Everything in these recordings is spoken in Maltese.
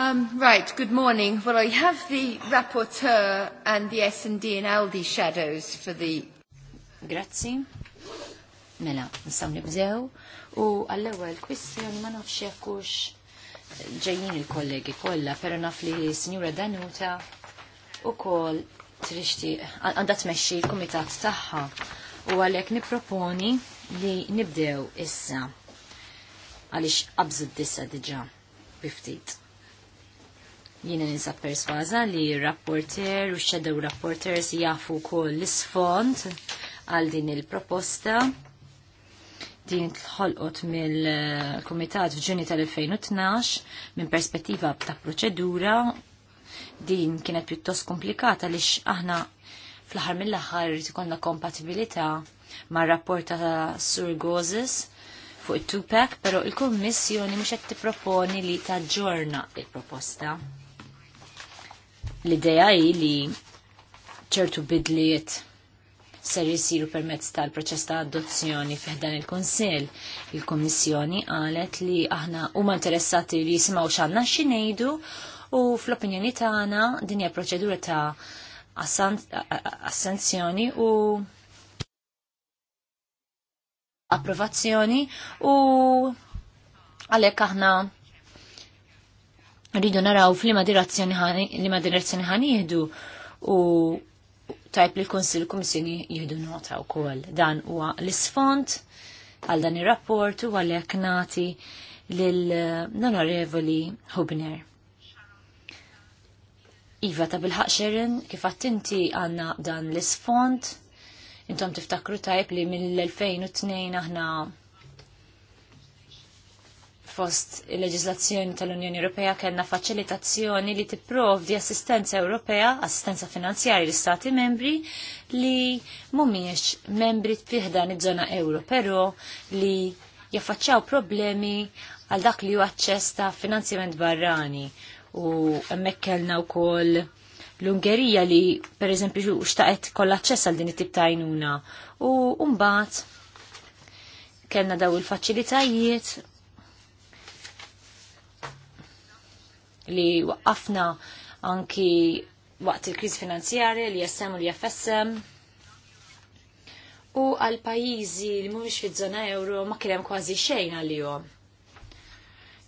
Um, right, good morning. Well, I have the rapporteur and the S&D and ALDI shadows for the... Grazzi. Mela, nsam nibżew. U għall-ewel kwistjoni ma nafx jekkux ġejjin il-kollegi kollha, pero naf li Signora Danuta kol trixti għandha tmexxi l-kumitat tagħha u għalhekk nipproponi li nibdew issa għaliex qabżu d-dissa diġa biftit. Jiena ninsab persważa li rapporter u shadow rapporters jafu kol l-sfond għal din il-proposta din tħolqot mill-Kumitat f'Ġuni tal-2012 minn perspettiva ta' proċedura din kienet pjuttost komplikata li aħna fl-aħħar mill-aħħar ikonna kompatibilità ma' rapporta ta' Sur Gozes fuq it-Tupac, pero il-Kummissjoni mhux qed tipproponi li taġġorna il-proposta. ġorna il proposta l-ideja hi li ċertu bidliet ser jisiru permezz tal-proċess ta' adozzjoni fiħdan il-Konsil. Il-Kommissjoni qalet li aħna huma interessati li jisimgħu x'għandna x'inejdu u fl-opinjoni tagħna din hija proċedura ta' assenzjoni u approvazzjoni u għalhekk aħna rridu naraw f'lima direzzjoni ħan jihdu u tajb li konsil komissjoni jihdu nota u kol. Dan huwa l-isfont għal dan ir rapport u għalhekk nati eh, l-onorevoli Hubner. Iva ta' bil-ħaq xerin, kif inti għanna dan l-isfont, intom tiftakru tajb li mill-2002 aħna fost il-leġizlazzjoni tal-Unjoni Ewropea kellna faċilitazzjoni li tipprovdi assistenza Ewropea, assistenza finanzjarja l istati membri li mhumiex membri fiħdan iż-żona euro, però li jaffaċċaw problemi għal dak li huwa aċċess ta' finanzjament barrani u hemmhekk kellna wkoll l-Ungerija li per eżempju xtaqet kollha aċċess għal din it-tip ta' U mbagħad kellna daw il-faċilitajiet li waqqafna anki waqt il kriz finanzjarja li jessem u li jaffessem. U għal pajjiżi li mhumiex fiż-żona euro ma kien hemm kważi xejn għalihom.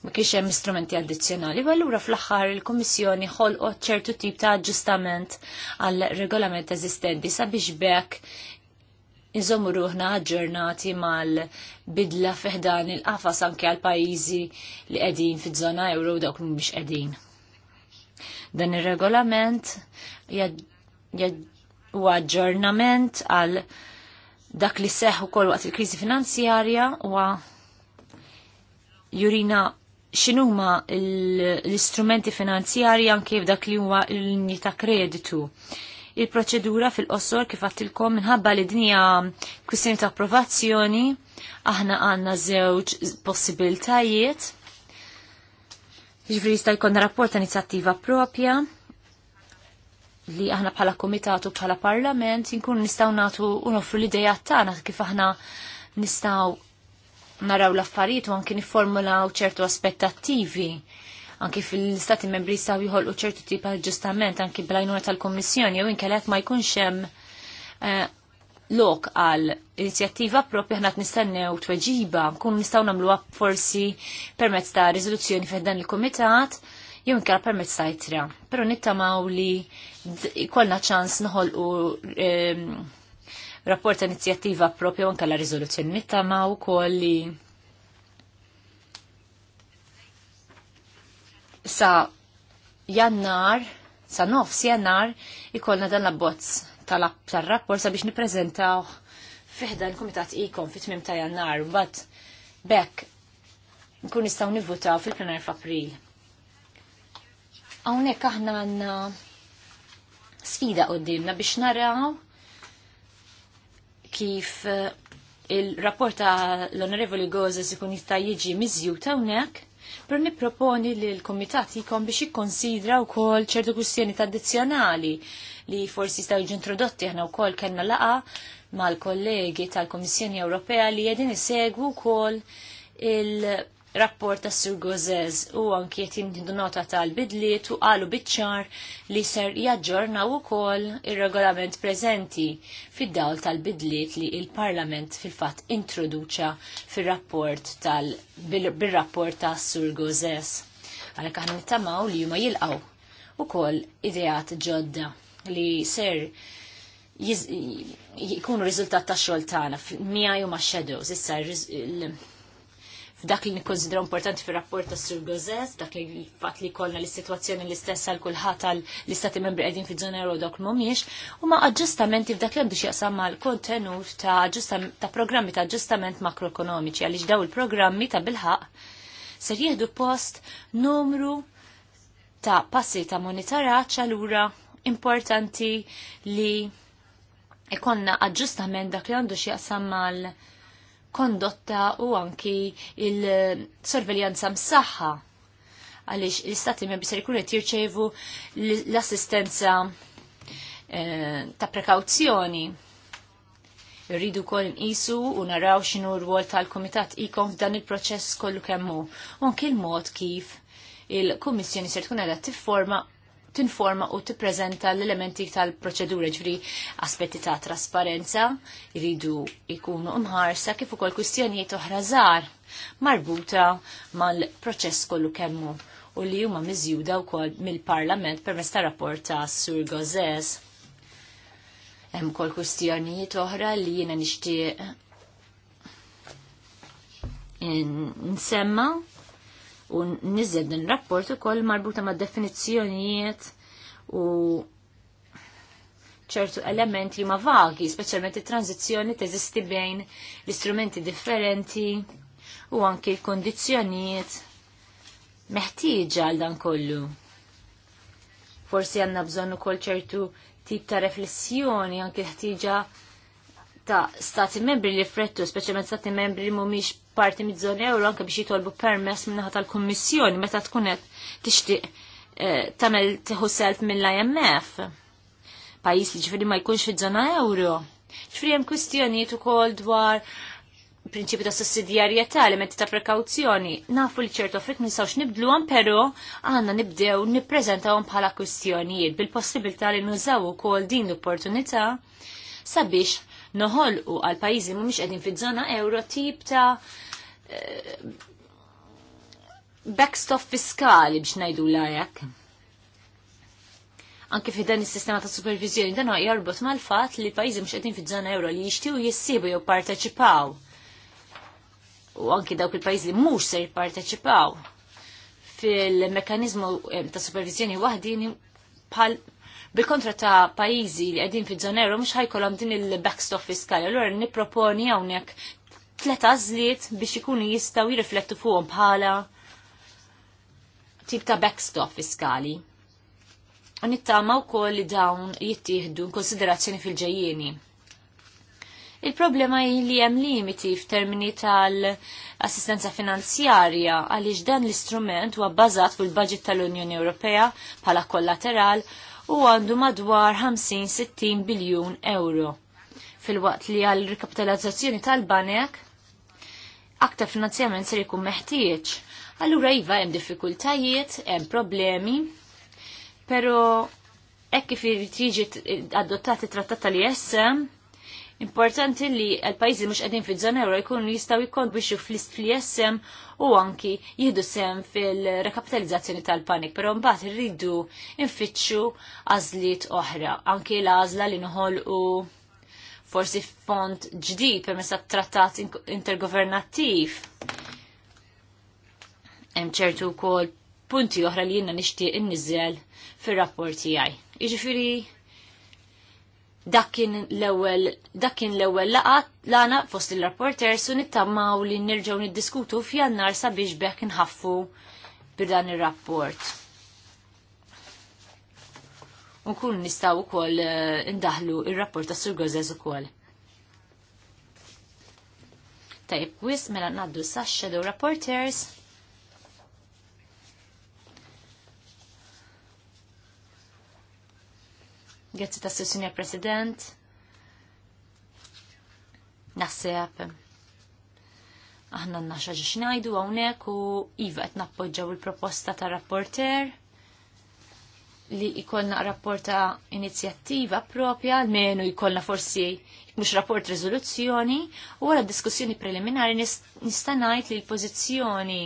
Ma kienx hemm istrumenti addizzjonali, allura fl-aħħar il-Kummissjoni ħolqot ċertu tip ta' aġġustament għal regolament eżistenti sabiex bekk inżommu ruħna ġurnati mal-bidla fiħdan il-qafas anke għal pajjiżi li qegħdin fiż-żona euro dawk li mhumiex qegħdin. Dan ir-regolament huwa aġġornament għal dak li seħħ ukoll waqt il-kriżi finanzjarja huwa jurina x'inhuma l-istrumenti finanzjarji anke f'dak li huwa l-linji ta' kreditu il-proċedura fil-qossor kif għattilkom minħabba li dinja kwistjoni ta' approvazzjoni, aħna għanna żewġ possibiltajiet. Ġifri jista' jkollna rapport ta' inizjattiva propja li aħna bħala komitatu bħala parlament jinkun nistaw natu unoffru l-ideja tagħna kif aħna nistaw naraw l-affarijiet u anki niformulaw ċertu aspettattivi anki fil-Stati membri jistgħu jħolqu ċertu tipa aġġustament anki bl-għajnuna tal-Kummissjoni jew inkellek ma jkunx hemm eh, lok għal inizjattiva propja ħna t-nistennew tweġiba, kun nistaw namlu forsi permezz ta' rizoluzzjoni f'dan il-komitat, jew inkar permezz ta' itra. Pero nittamaw li kolna ċans nħolqu eh, rapport ta' inizjattiva propja u nkalla rizoluzzjoni. Nittamaw kol li sa jannar, sa nofs jannar, ikolna dan l-abbozz tal-rapport sabiex niprezentaw fiħda l-Komitat Ikon fit-tmim ta' jannar, bat bekk nkun nistaw nivvutaw fil-plenar f'April. Hawnhekk aħna għandna sfida qoddimna biex naraw kif eh, il-rapport ta' l-Onorevoli Gozes ikun jista' jiġi miżjut hawnhekk Pero nipproponi li l-komitat jikom biex jikkonsidra u kol ċertu kwistjoni tradizjonali li forsi staw introdotti ħna u kol kena laqa mal-kollegi tal-Komissjoni Ewropea li jedin isegwu kol il- rapport ta' Sir Gozez u anki jtindu nota tal-bidliet u qalu bitċar li ser jaġġornaw ukoll ir-regolament prezenti fid-dawl tal-bidliet li il-Parlament fil-fatt introduċa fir-rapport tal bidliet li il parlament fil fatt introduċa fir rapport tal bil rapport ta' Sur Gozez. Għalhekk aħna nittamaw li huma jilqgħu ukoll ideat ġodda li ser jikunu riżultat ta' xogħol tagħna juma ma' shadows issa f'dak li nikkonsidra importanti fir-rapport ta' Sir Gozes, dak li fatt li kollna l-sitwazzjoni l-istess għal kulħadd għal l-istati membri qegħdin fiż-żona euro dok mhumiex, huma aġġustamenti f'dak li għandu x'jaqsam mal-kontenut ta' ta' programmi ta' aġġustament makroekonomiċi għaliex daw il-programmi ta' bilħaq ser jieħdu post numru ta' passi ta' monitoraċ allura importanti li ikonna aġġustament dak li għandu x'jaqsam mal-kontenut kondotta u anki il-sorveljanza msaħħa għaliex l-istati membri ser jkun qed jirċevu l-assistenza eh, ta' prekawzjoni. Irridu kol nqisu u naraw x'inhu r-rwol tal-Kumitat ikom f'dan il-proċess kollu kemm hu. Unki l-mod kif il-Kummissjoni ser tkun qiegħda tifforma tinforma u tippreżenta l-elementi tal-proċedura ġifri aspetti ta' trasparenza, jridu jkunu mħarsa kif ukoll kwistjonijiet oħra żgħar marbuta mal-proċess kollu kemmu u li huma miżjuda wkoll mill-Parlament permezz ta' rapport ta' Sur Gozes. Hemm ukoll kwistjonijiet oħra li jiena nixtieq nsemma' u nizzed din rapport ukoll marbuta ma' definizzjonijiet u ċertu elementi ma vagi, speċjalment it-tranzizzjoni teżisti bejn l-istrumenti differenti u anki l-kondizzjonijiet meħtieġa għal dan kollu. Forsi għanna bżonn ukoll ċertu tip ta' riflessjoni anki ħtieġa ta' stati membri li frettu, speċjalment stati membri li mhumiex parti mizzon euro anke biex jitolbu permess minnaħa tal-Kummissjoni meta tkun qed tixtieq eh, tagħmel tieħu self mill-IMF. Pajjiż li ġifieri ma jkunx fiż-żona euro. Ġifieri hemm kwistjonijiet ukoll dwar prinċipju ta' sussidjarjetà, li metti ta' prekawzjoni. Nafu li ċertu frik nistgħux nibdluhom, però għandna nibdew nippreżentawhom bħala kwistjonijiet bil-possibilità li nużaw ukoll din l-opportunità sabiex u għal pajjiżi mhumiex qegħdin fiż-żona euro tip ta' eh, backstop fiskali biex najdu lajak. Anke fi dan is-sistema ta' supervizjoni dan jarbot mal-fatt li pajizi mhux qegħdin fi żona euro li jixtiequ jissibu jew parteċipaw. U anke dawk il-pajjiżi li mhux se jipparteċipaw fil-mekanizmu eh, ta' supervizjoni wahdini bħal bil-kontra ta' pajizi li għedin fi zonero mux ħajkolom din il-backstop fiskali. Allora niproponi għawnek tleta zliet biex ikunu jistaw jirriflettu fuqom bħala tip ta' backstop fiskali. U nittama u koll li dawn jittieħdu konsiderazzjoni fil ġajjeni Il-problema li hemm limiti f'termini tal-assistenza finanzjarja għaliex dan l-istrument huwa bbażat fuq il-budget tal-Unjoni Ewropea bħala kollateral u għandu madwar 50-60 biljun euro. Fil-waqt li għal rikapitalizzazzjoni tal-banek, aktar finanzjament ser ikun meħtieġ. Allura iva hemm diffikultajiet, hemm problemi, pero hekk kif jiġi adottati trattat tal-ISM, Importanti li l-pajjiżi mhux qegħdin fiż zona euro jkunu jistgħu flist fl jessem u anki jieħdu sem fil-rekapitalizzazzjoni tal-panik, però mbagħad irridu nfittxu għażliet oħra, anki l-għażla li u forsi font ġdid permezz trattat intergovernattiv. Hemm ċertu wkoll punti oħra li jiena nixtieq inniżel fir-rapport tiegħi. Jiġifieri Dak l l-ewwel laqat lana fost il-rapporters u nittammaw li nirġgħu niddiskutu f'jannar sabiex bekk inħaffu b'dan ir-rapport. Unkun nistaw ukoll eh, indaħlu ir-rapport ta' Sur Gozes ukoll. Tajb, wis mela ngħaddu sa' Shadow Reporters. Għetzi ta' Sussinja President. Nasseb. Aħna n-naxa ġiċnajdu għawnek u Iva għet nappoġġaw il-proposta ta' rapporter li jkollna rapporta inizjattiva propja, almenu jkollna forsi mhux rapport riżoluzzjoni, u wara diskussjoni preliminari nista' ngħid li l-pożizzjoni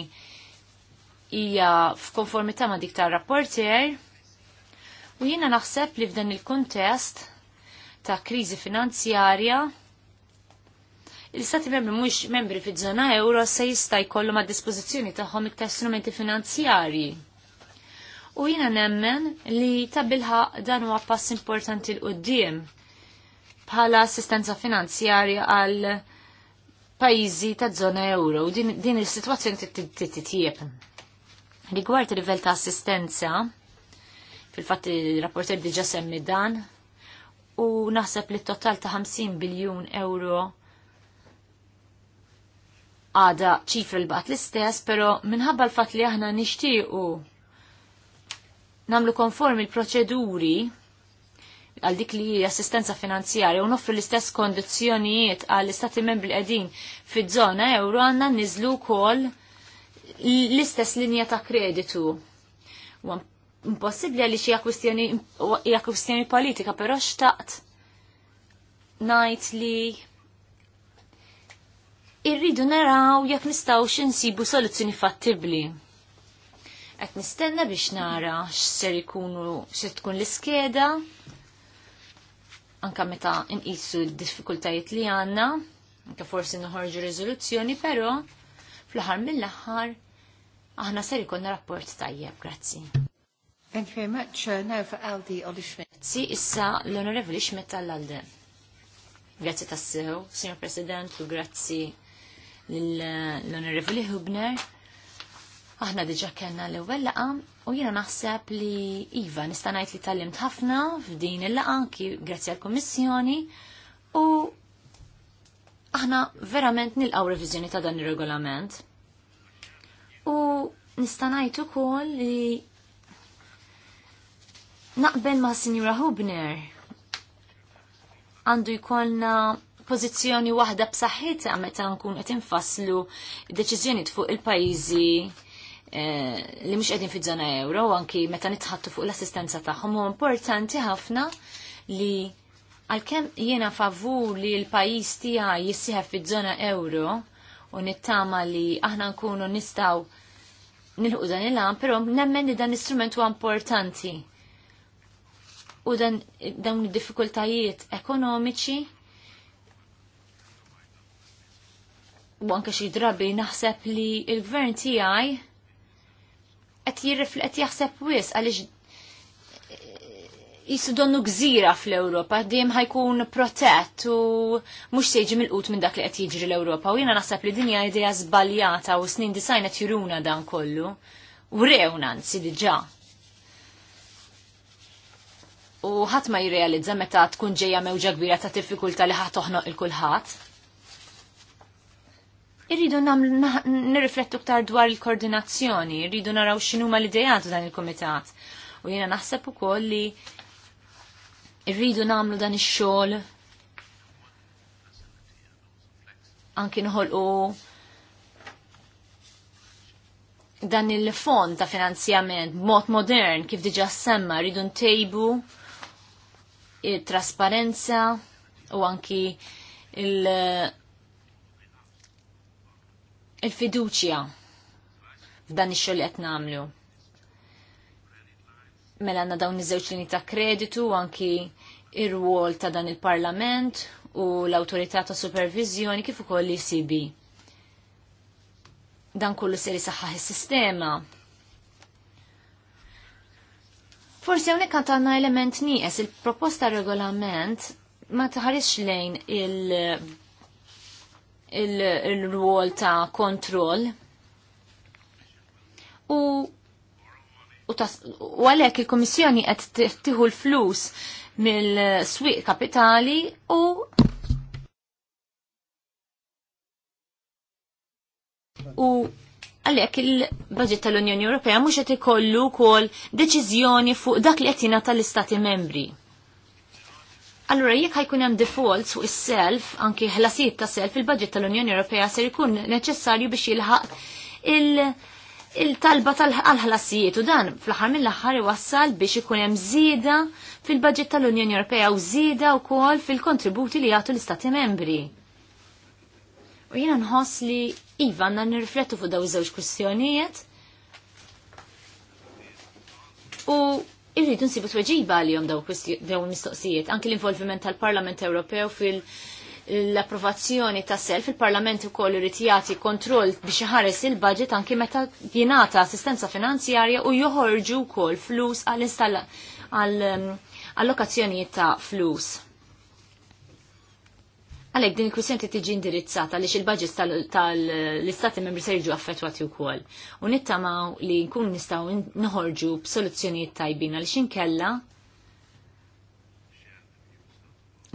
hija f'konformità ma' dik tar rapporter U jiena naħseb li f'dan il-kuntest ta' kriżi finanzjarja il-stati membri mhux membri fiż-żona euro se jista' jkollhom għad dispożizzjoni tagħhom iktar strumenti finanzjarji. U jiena nemmen li ta' dan huwa pass importanti l qudiem bħala assistenza finanzjarja għal pajjiżi ta' żona euro u din, din is-sitwazzjoni tittijep Rigward il-livell ta' assistenza, Fil-fatt il-rapporter diġa semmi dan. U naħseb li total ta' 50 biljun euro għada ċifra li baqt l-istess, pero minħabba l-fat li aħna nishtiqu namlu konformi l-proċeduri għal dik li assistenza finanzjarja u noffru l-istess kondizjonijiet għall istati membri qegħdin fiż-żona euro għandna niżlu wkoll l-istess linja ta' kreditu impossibbli għaliex hija kwistjoni hija kwistjoni politika, però xtaqt najt li irridu naraw jekk nistgħux insibu soluzzjoni fattibbli. Qed nistenna biex nara x'ser ikunu se tkun l-iskeda anka meta nqisu d-diffikultajiet li għandna, anka forsi noħorġu riżoluzzjoni, però fl-aħħar mill-aħħar aħna ser ikolna rapport tajjeb, grazzi. Thank you very much. Uh, now for Aldi, Olishmet. Schmidt. Si issa l-Onorevoli Schmidt tal-Alde. Grazzi tassew, Signor President, u grazzi l-Onorevoli Hubner. Aħna diġa kellna l-ewwel laqa u jiena naħseb li iva nista' ngħid li tallimt ħafna f'din il-laqa ki grazzi għall-Kummissjoni u aħna verament nilqgħu reviżjoni ta' dan ir-regolament. U nista' ngħid ukoll li Naqbel ma' Sinjura Hubner. Għandu jkollna pożizzjoni waħda b'saħħitha meta nkun qed infasslu deċiżjoni fuq il-pajjiżi eh, li mhux qegħdin fiż-żona euro, anki meta nitħattu fuq l-assistenza tagħhom huwa importanti ħafna li għalkemm jiena favur li l-pajjiż tiegħi jissieħeb fiż-żona euro u nittama li aħna nkunu nistgħu nilħu dan il-għan, però nemmen li dan l-istrument huwa importanti u dan dawn id-diffikultajiet ekonomiċi u anke xi drabi naħseb li l-gvern tiegħi qed qed jaħseb wis għaliex eh, jisu donnu gżira fl-Europa, dim ħajkun protett u mux seġi mill-qut minn dak li qed jiġri l-Europa. U jiena naħseb li dinja idea żbaljata u snin disajna qed dan kollu. U rewna anzi diġa' u ħadd ma jirrealizza meta tkun ġejja mewġa kbira ta' diffikultà li ħadd toħnoq il kulħadd. Irridu nirriflettu ktar dwar il-koordinazzjoni, irridu naraw x'inhuma l-idejat dan il-kumitat. U jiena naħseb ukoll li irridu nagħmlu dan ix-xogħol anki nħolqu dan il-fond ta' finanzjament b'mod modern kif diġa semma rridu ntejbu trasparenza u anki il- il-fiduċja f'dan ix-xogħol qed nagħmlu. Mela għandna dawn iż-żewġ linji ta' kreditu anki ir-rwol ta' dan il-Parlament u l-Awtorità ta' Supervizjoni kif ukoll l-ECB. Dan kollu ser isaħħaħ is-sistema Forsi hawnhekk għandna element nijes, il-proposta regolament ma taħarix lejn il- rwol ta' kontroll. U u, għalek il-Komissjoni qed tieħu l-flus mill-swieq kapitali u u għalhekk il-budget tal-Unjoni Ewropea mhux qed ikollu wkoll deċiżjoni fuq dak li qed jingħata l-Istati membri. Allura jekk ħajkun hemm defaults fuq is-self, anki ħlasijiet ta' self, il-budget tal-Unjoni Ewropea ser ikun neċessarju biex jilħaq il- il-talba tal-ħlasijiet u dan fl-ħar mill-ħar iwassal biex ikun hemm żieda fil-budget tal-Unjoni Ewropea u żieda wkoll fil-kontributi li jagħtu l-Istati Membri. U jiena nħoss li Iva, għanna nirriflettu fuq daw iż-żewġ kwistjonijiet u irridu nsibu tweġiba għalihom daw mistoqsijiet, anki l-involviment tal-Parlament Ewropew fil- l-approvazzjoni ta' self il-Parlament ukoll irid jagħti kontroll biex iħares il-budget anki meta jingħata assistenza finanzjarja u joħorġu wkoll flus għall-allokazzjonijiet ta' flus. Għalek din il-kwistjoni ti tiġi indirizzata għaliex il-budgets tal-istati membri se jiġu affettwati wkoll. U nittamaw li nkun nistgħu noħorġu b'soluzzjonijiet tajbin għaliex inkella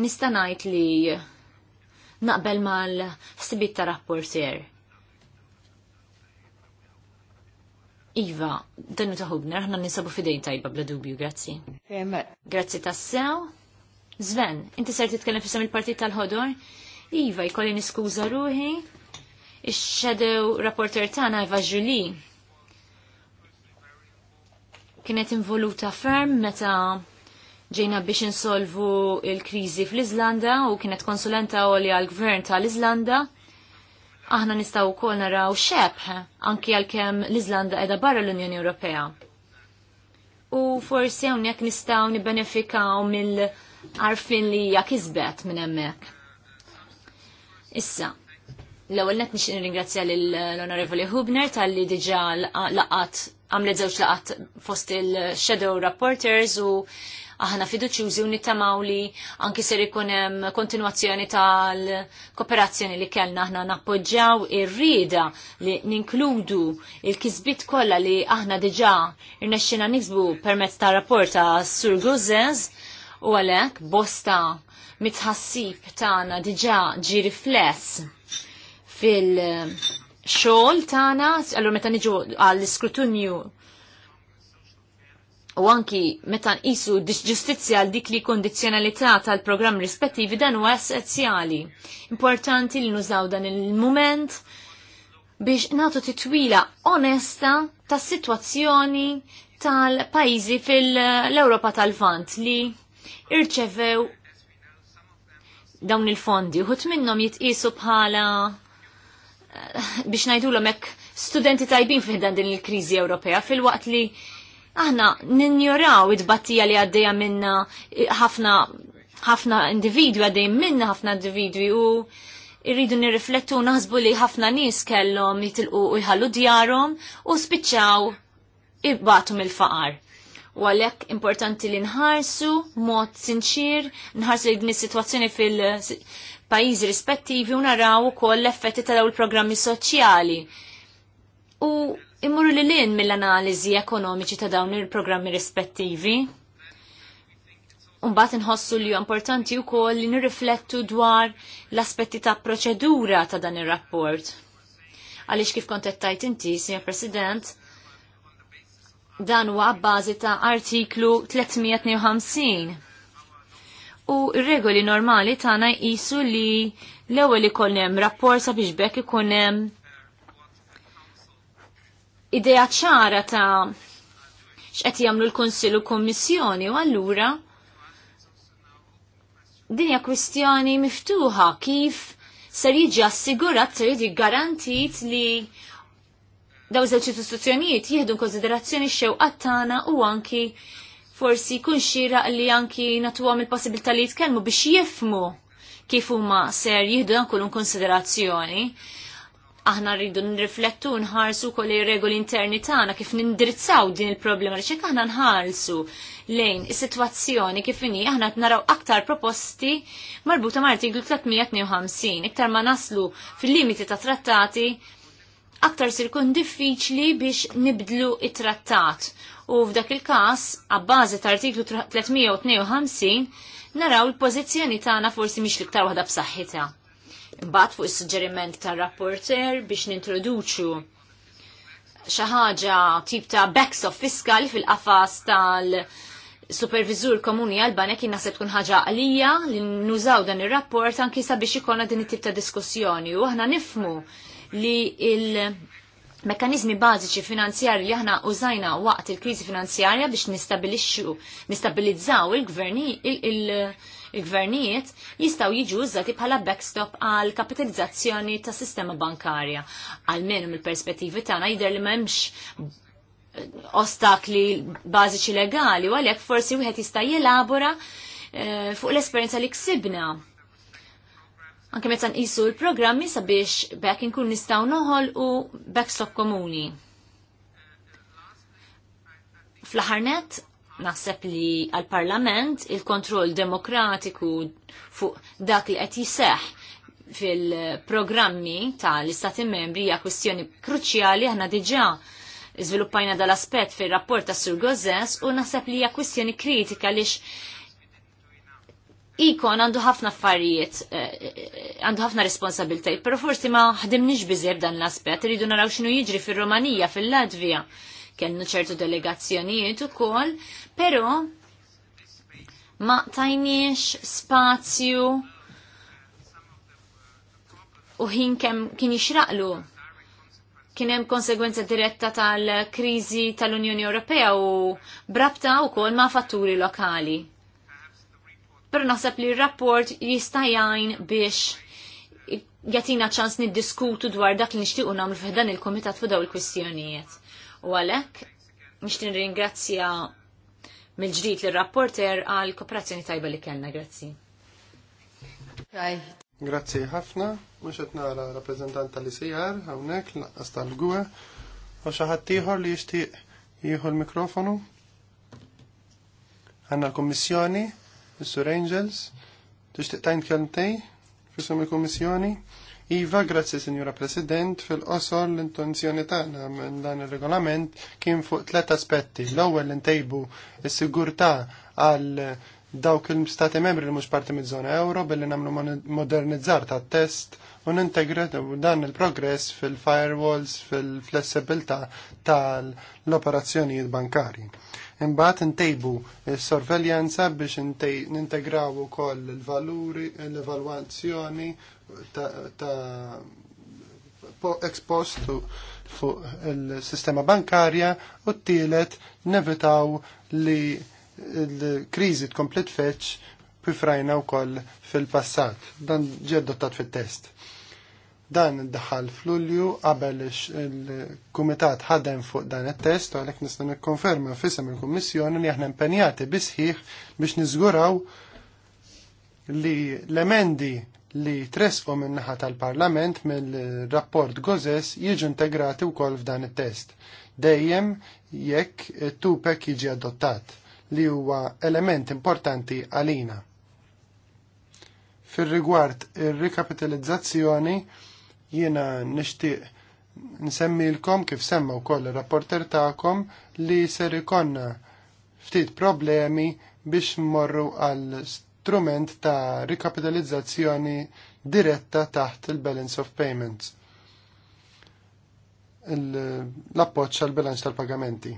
nista' ngħid li naqbel mal sibit ta' sir. Iva, dannu taħubna, rħna nisabu fidejn tajba bla dubju, grazzi. Grazzi tassew. Zven, inti ser titkellem fissam il-partit tal-ħodor? Iva, jkolli niskuża ruħi. Ix-shadow rapporter tagħna Iva Ġuli. Kienet involuta ferm meta ġejna biex insolvu il-kriżi fl-Iżlanda u kienet konsulenta għolja għal-gvern tal-Iżlanda aħna nistaw kol naraw xeb anki għal-kem l iżlanda edha barra l-Unjoni Ewropea. U forsi hawnhekk nistgħu nibbenefikaw mill- għarfin li hija kisbet minn hemmhekk. Issa, l-ewwel qed nixtieq nirringrazzja lill-Onorevoli Hubner talli diġà laqat għamlet żewġ laqat fost il-Shadow Reporters u aħna fiduċjużi u nittamaw li anki ser ikun hemm kontinwazzjoni tal-kooperazzjoni li kellna aħna nappoġġjaw ir-rieda li ninkludu il-kisbit kollha li aħna diġà irnexxina niksbu permezz ta' rapport ta' Sur Gozez u għalhekk bosta mitħassib tagħna diġà ġi rifless fil xogħol tagħna, allura meta niġu għall iskrutunju u anki meta nqisu ġustizzja għal dik li kondizjonalità tal-programm rispettivi dan huwa essenzjali. Importanti li nużaw dan il-mument biex natu titwila onesta ta' situazzjoni tal-pajzi fil-Europa tal-Vant li irċevew dawn il-fondi. Uħut minnom jitqisu bħala eh, biex najdu l studenti tajbin fiħdan din il-krizi Ewropea fil-waqt li aħna ninjoraw id-battija li għaddeja minna eh, ħafna ħafna individwi għaddej minna ħafna individwi u irridu nirriflettu naħsbu li ħafna nies kellhom jitilqu u jħallu djarhom u spiċċaw ibbatu mill-faqar u għalhekk importanti li nħarsu mod sinċir, nħarsu din is-sitwazzjoni fil-pajjiżi rispettivi u naraw ukoll l-effetti ta' dawn il-programmi soċjali. U immurru li lin mill-analiżi ekonomiċi ta' dawn il-programmi rispettivi. Umbat nħossu li importanti u koll li nirriflettu dwar l-aspetti ta' proċedura ta' dan il-rapport. Għalix kif kontettajt inti, Sr. President, dan huwa bbażi ta' artiklu 352. U regoli normali tagħna jqisu li l-ewwel ikun hemm rapport sabiex bekk ikun hemm idea ċara ta' x'qed jagħmlu l-Kunsill u Kummissjoni u allura dinja kwistjoni miftuħa kif ser jiġi assigurat ser jiġi garantit li daw żewġ istituzzjonijiet jieħdu konsiderazzjoni x-xewqat tagħna u anki forsi kun xira li anki natuhom il-possibilità li jitkellmu biex jifmu kif huma ser jieħdu dan kullum konsiderazzjoni. Aħna rridu nriflettu nħarsu kol regoli interni tagħna kif nindirizzaw din il-problema li xek aħna nħarsu lejn is-sitwazzjoni kif inhi aħna qed naraw aktar proposti marbuta mal-artiklu 352 iktar ma naslu fil-limiti ta' trattati aktar sir kun diffiċli biex nibdlu it-trattat. U f'dak il-kas, għabbażi ta' artiklu 352, naraw l-pozizjoni tagħna forsi mhix liktar waħda b'saħħitha. Imbagħad fuq is-suġġeriment tar-rapporter biex nintroduċu xi ħaġa tip ta' backs of fiskali fil-qafas tal- supervizur komuni għal-banek naħseb tkun ħaġa għalija li nużaw dan ir-rapport anki sabiex ikollna din it-tip ta' diskussjoni u aħna nifmu li il- mekanizmi bażiċi finanzjari li aħna użajna waqt il-kriżi finanzjarja biex nistabilixxu, nistabilizzaw il-gvernijiet il il-gvernijiet jistaw jiġu użati bħala backstop għal kapitalizzazzjoni ta' sistema bankarja. Għal minum il-perspettivi tagħna jidher li m'hemmx ostakli bażiċi legali, u għalhekk forsi wieħed jista' jelabora eh, fuq l-esperjenza li ksibna. Anke meta nqisu l-programmi sabiex bekk inkun nistgħu noħol u backstop komuni. fl aħarnet naħseb li għal-Parlament il-kontroll demokratiku fuq dak li qed jiseħ fil-programmi tal-Istati membri hija kwistjoni kruċjali aħna diġà Iżviluppajna dal-aspett fir-rapport ta' Sur Gozes u naħseb li hija kwistjoni kritika lix ikon għandu ħafna affarijiet, eh, għandu ħafna responsabiltajt, pero forsi ma ħdimniġ biżjed dan l-aspett, rridu naraw xinu jiġri fir-Romanija, fil-Latvija. Kennu ċertu delegazzjonijiet ukoll, però ma tajniex spazju u ħin kem kien jixraqlu kien hemm konsegwenza diretta tal-kriżi tal-Unjoni Ewropea u brabta wkoll ma' fatturi lokali. Però naħseb li r-rapport jista' jgħin biex jagħtina ċans niddiskutu dwar dak li nixtiequ nagħmlu f'dan il-kumitat fuq dawn il-kwistjonijiet. U għalhekk nixtieq ringrazzja mill-ġdid li rapporter għal kooperazzjoni tajba li kellna, grazzi. Grazzi ħafna mux qed nara rappreżentant tal-ICR hawnhekk lanqas tal-gwe u xi ħadd li jieħu l-mikrofonu. Għanna l-Kummissjoni, Mr. Angels, tixtieq tajn kelmtej fisum il kommissjoni Iva, grazzi Signora President, fil-qosor l-intenzjoni tagħna minn dan il regolament kien fuq tliet aspetti. L-ewwel intejbu s-sigurtà għal dawk il-stati membri li mhux parti mid żona euro billi nagħmlu modernizzar ta' test u dan il-progress fil-firewalls fil-flessibilità tal-operazzjonijiet bankarji. Imbagħad intejbu s-sorveljanza biex nintegraw ukoll il-valuri, l-evalwazzjoni ta' ex fuq il-sistema bankarja u t-tielet nevitaw li il-kriżi komplet feċ pifrajna wkoll fil-passat. Dan ġie adottat fit-test. Dan iddaħħal f'Lulju qabel il-Kumitat ħadem fuq dan it-test u għalhekk il nikkonferma fissam il-Kummissjoni li aħna impenjati bisħiħ biex niżguraw li l-emendi li tresfu min-naħa tal-Parlament mill-rapport Gozes jiġu integrati wkoll f'dan it-test dejjem jekk tupek jiġi adottat li huwa element importanti għalina. Fil-rigward ir-rikapitalizzazzjoni jiena nixtieq nsemmilkom kif semma wkoll ir-rapporter tagħkom li ser ikonna ftit problemi biex morru għal strument ta' rikapitalizzazzjoni diretta taħt il-balance of payments l-appoċ għal bilanċ tal-pagamenti.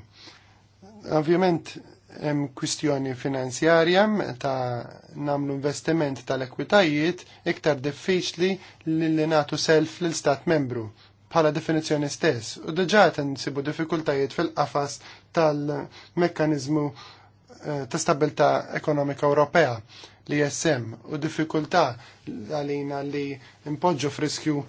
Ovvjament hemm kwistjoni finanzjarja ta' namlu investiment tal-ekwitajiet iktar diffiċli li nagħtu self l stat membru bħala definizzjoni stess. U diġà nsibu diffikultajiet fil-qafas tal-mekkaniżmu eh, ta' stabilità ekonomika Ewropea li jessem u diffikultà għalina li impoġġu friskju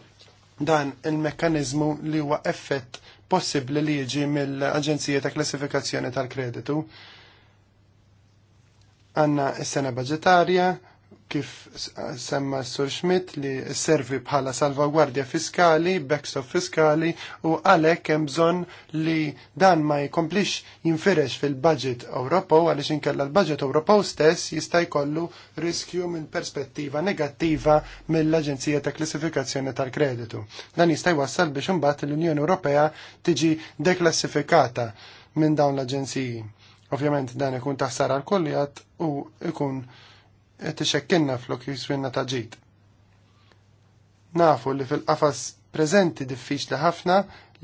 dan il-mekkanizmu li huwa effett possibbli li jiġi mill-Aġenzija ta' Klassifikazzjoni tal-Kreditu Għanna s-sena budgetarja, kif semma Sur Schmidt li servi bħala salvaguardja fiskali, backstop fiskali u għalek hemm bżonn li dan ma jkomplix jinfirex fil-budget Ewropew għaliex inkella l-budget Ewropew stess jista' jkollu riskju minn perspettiva negattiva mill-Aġenzija ta' Klassifikazzjoni tal-Kreditu. Dan jista' jwassal biex imbagħad l-Unjoni Ewropea tiġi deklassifikata minn dawn l-aġenziji. Ovvjament dan ikun taħsar għal kollijat u ikun qed ixekkinna flok jiswinna ta' ġid. Nafu li fil-qafas preżenti diffiċli ħafna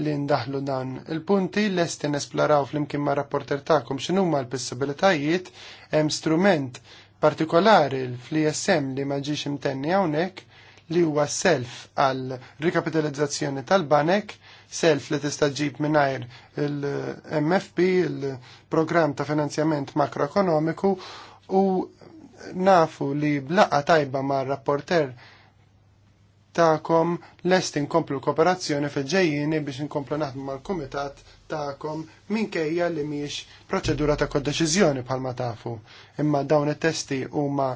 li ndaħlu dan il-punti lesti nesploraw fl-imkien ma' rapporter ta'kom x'inhuma l-possibilitajiet hemm strument partikolari fl-ISM li ma ġiex imtenni hawnhekk li huwa self għal rikapitalizzazzjoni tal-banek self li tista' ġib mingħajr il-MFP, il-programm ta' finanzjament makroekonomiku u nafu li blaqa tajba ma' rapporter ta'kom lest inkomplu kooperazzjoni fil-ġejjini biex inkomplu naħdmu mal-kumitat ta'kom minkejja li miex proċedura ta' kod deċiżjoni bħalma tafu. Imma dawn it-testi huma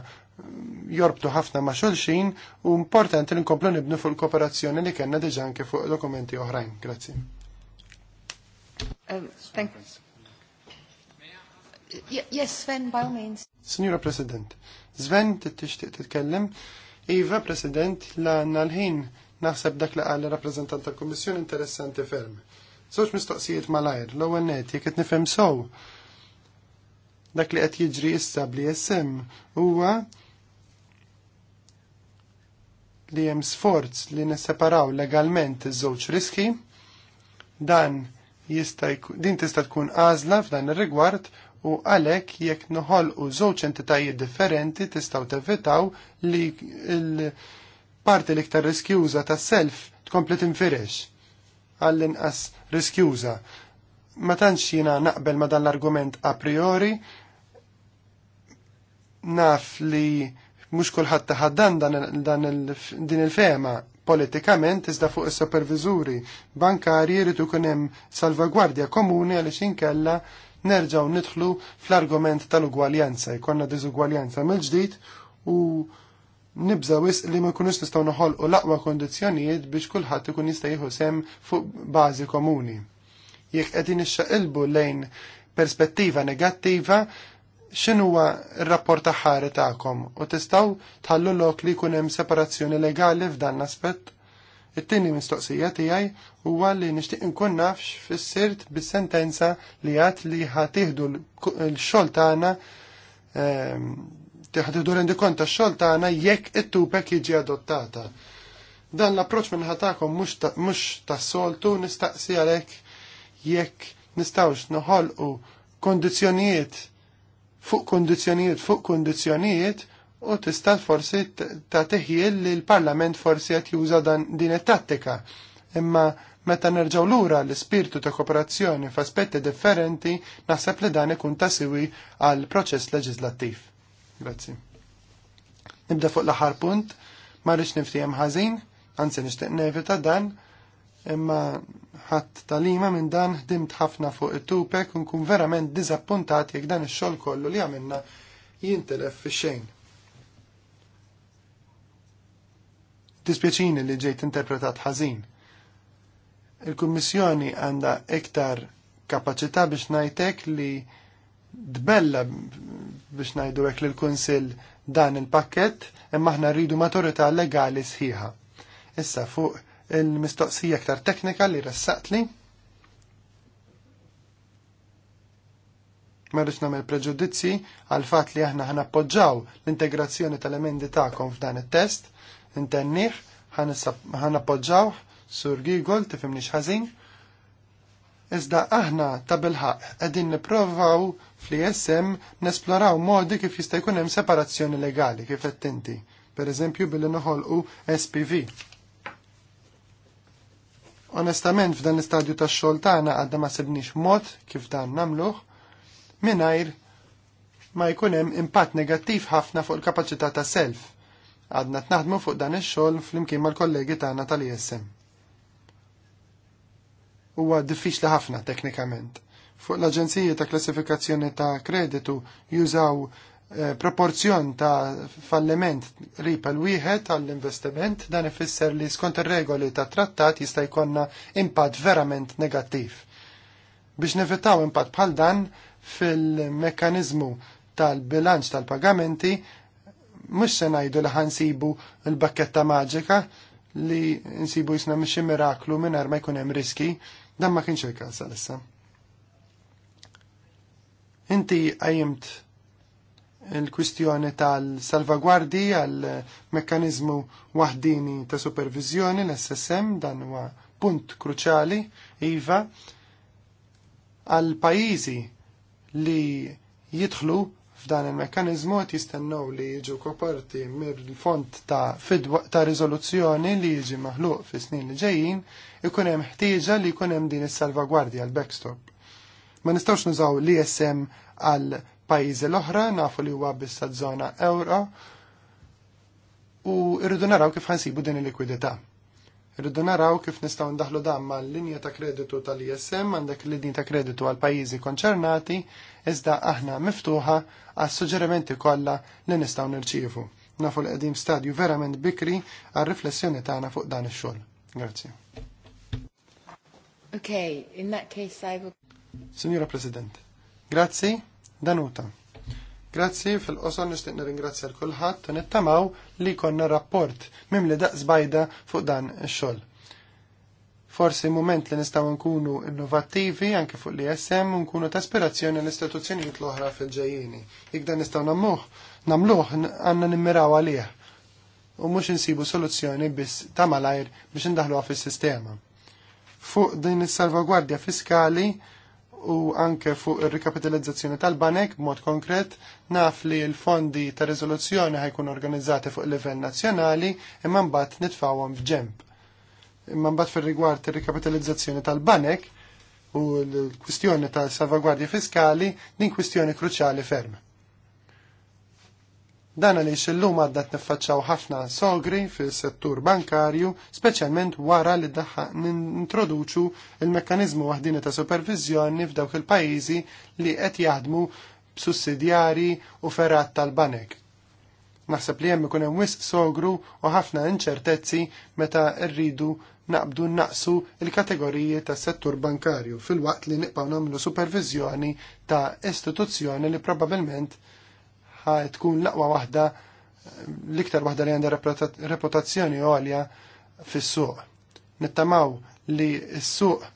jorbtu ħafna ma' xulxin u importanti li nkomplu nibnu fuq il-kooperazzjoni li kellna diġa anke fuq dokumenti oħrajn. Grazzi. Um, yes, Sven, by all means. Signora President, Sven, tixtieq titkellem. Iva, President, la nalħin naħseb dak li għal rappresentant tal-Kommissjoni interessanti ferm. Zoċ mistoqsijiet malajr, l-ewwel net, jekk qed nifhem sow dak li qed jiġri issa bli jessem huwa li hemm sforz li nisseparaw legalment iż-żewġ riski, dan jista' din tista' tkun għażla f'dan ir-rigward u għalhekk jekk noħolqu żewġ entitajiet differenti tistgħu tevitaw li l-parti l-iktar riskjuża tas-self tkompli tinfirex għall-inqas riskjuża. Ma tantx jiena naqbel ma dan l-argument a priori naf li mhux kulħadd taħaddan dan din il-fema politikament iżda fuq is-superviżuri bankarji jrid ikun hemm salvagwardja komuni għaliex inkella nerġgħu nidħlu fl-argument tal-ugwaljanza, jkollna dizugwaljanza mill-ġdid u nibżaw wisq li ma jkunux nistgħu noħolqu l-aqwa kondizzjonijiet biex kulħadd ikun jista' jieħu sem fuq bażi komuni. Jekk qegħdin ixxaqilbu lejn perspettiva negattiva, x'inhuwa r-rapport aħħari tagħkom u tistgħu tħallu lok li jkun hemm separazzjoni legali f'dan l It-tieni mistoqsija tiegħi huwa li nixtieq inkun nafx fissirt bis-sentenza li għad li ħatiħdu l-xogħol tagħna ehm, ħatieħdu rendi kont tax-xogħol tagħna jekk it-tupek jiġi adottata. Dan l-approċċ minn mux mhux tas-soltu nistaqsi għalhekk jekk nistgħux noħolqu kondizzjonijiet fuq kondizjonijiet fuq kondizjonijiet u tista' forsi ta' teħjel li l-Parlament forsi qed juża dan din it-tattika. Imma meta nerġgħu lura l-ispirtu ta' kooperazzjoni f'aspetti differenti naħseb li dan ikun ta' siwi għal proċess leġislattiv. Grazzi. Nibda fuq l-aħħar punt, ma rridx niftijem ħażin, anzi nixtieq nevita dan, imma ħadd talima minn dan ħdimt ħafna fuq it-tupek u nkun verament diżappuntat jekk dan ix-xogħol kollu li għamilna jintelef fix-xejn. Dispjaċini li ġejt interpretat ħażin. Il-Kummissjoni għandha iktar kapaċità biex ngħidlek li dbella biex ngħidu hekk lill-Kunsill dan il-pakkett imma aħna rridu maturità legali sħiħa. Issa fuq il-mistoqsija aktar teknika li ressaqtli. Merriċ namel preġudizzi għal fat li aħna ħan appoġġaw l-integrazzjoni tal-emendi ta'kom f'dan il-test, intenniħ, ħan appoġġaw sur Gigol tifim xħazin, iżda aħna ta' bilħaq għedin niprovaw fl-ISM nesploraw modi kif jista' jkun hemm separazzjoni legali kif qed inti, per eżempju billi noħolqu SPV Onestament f'dan l-istadju tax xogħol tagħna għadda ma sibniex mod kif dan nagħmluh mingħajr ma jkun hemm impatt negattiv ħafna fuq il-kapaċità ta' self. Għadna tnaħdmu fuq dan ix-xogħol flimkien mal-kollegi tagħna tal-ISM. Huwa diffiċli ħafna teknikament. Fuq l aġenzija ta' Klassifikazzjoni ta' Kreditu jużaw Eh, proporzjon ta' falliment rip l wieħed għall-investiment dan ifisser li skont ir-regoli ta' trattat jista' jkollna impatt verament negattiv. Biex nevitaw impatt bħal dan fil mekkaniżmu tal-bilanċ tal-pagamenti mhux se ngħidu li ħansibu l-bakketta maġika li nsibu jisna mxi miraklu mingħajr ma jkun hemm riski, dan ma kienx il-każ għalissa. Inti għajimt il-kwistjoni tal-salvagwardi għal mekkanizmu wahdini ta' supervizjoni l-SSM dan huwa punt kruċali iva għal pajizi li jidħlu f'dan il-mekkanizmu qed jistennew li jiġu koperti mill-fond ta' fidwa ta' riżoluzzjoni li jiġi maħluq fis-snin li ġejjin ikun hemm ħtieġa li jkun hemm din is-salvagwardja għal backstop. Ma nistgħux nużaw l-ISM għal pajjiżi l-oħra nafu li huwa bissa żona euro u rridu naraw kif ħansibu din il-likwidità. Irridu naraw kif nistgħu ndaħlu damma mal-linja ta' kreditu tal-ISM għandek l-linja ta' kreditu għal pajjiżi konċernati iżda aħna miftuħa għas suġġerimenti kollha li nistgħu nirċievu. Nafu l-qedim stadju verament bikri għal riflessjoni tagħna fuq dan ix-xogħol. Grazzi. Okay, in that case I will... Signora President, grazie. Danuta. Grazzi fil-qosor nixtieq nirringrazzja l-kulħadd u nittamaw li konna rapport mimli daqs bajda fuq dan ix-xogħol. Forsi mument li nistgħu nkunu innovattivi anke fuq l-ISM u nkunu ta' aspirazzjoni l-istituzzjonijiet l-oħra fil ġejjini Jekk dan nistgħu nammuh, namluh għandna nimmiraw għalih u mhux insibu soluzzjoni biss ta' malajr biex indaħluha fis-sistema. Fuq din is-salvagwardja fiskali u anke fuq ir-rikapitalizzazzjoni tal-banek b'mod konkret naf li l-fondi ta' rezoluzzjoni ħajkun organizzati fuq livell nazzjonali imma mbagħad nitfawhom f'ġemp. Imma mbagħad fir-rigward ir-rikapitalizzazzjoni tal-banek u l-kwistjoni tal salvagwardji fiskali din kwistjoni kruċjali ferm. Dan għaliex illum għadda t-nifacċaw ħafna sogri fil-settur bankarju, speċjalment wara li daħħa nintroduċu il-mekkanizmu waħdini ta' supervizjoni f'dawk il-pajizi li qed jaħdmu b'sussidjari u ferrat tal-banek. Naħseb li hemm ikun hemm wisq sogru u ħafna inċertezzi meta rridu naqbdu naqsu il-kategoriji ta' settur bankarju fil-waqt li niqpaw namlu supervizjoni ta' istituzzjoni li probabilment tagħha tkun laqwa waħda l-iktar waħda li għandha reputazzjoni għolja fis-suq. Nittamaw li s-suq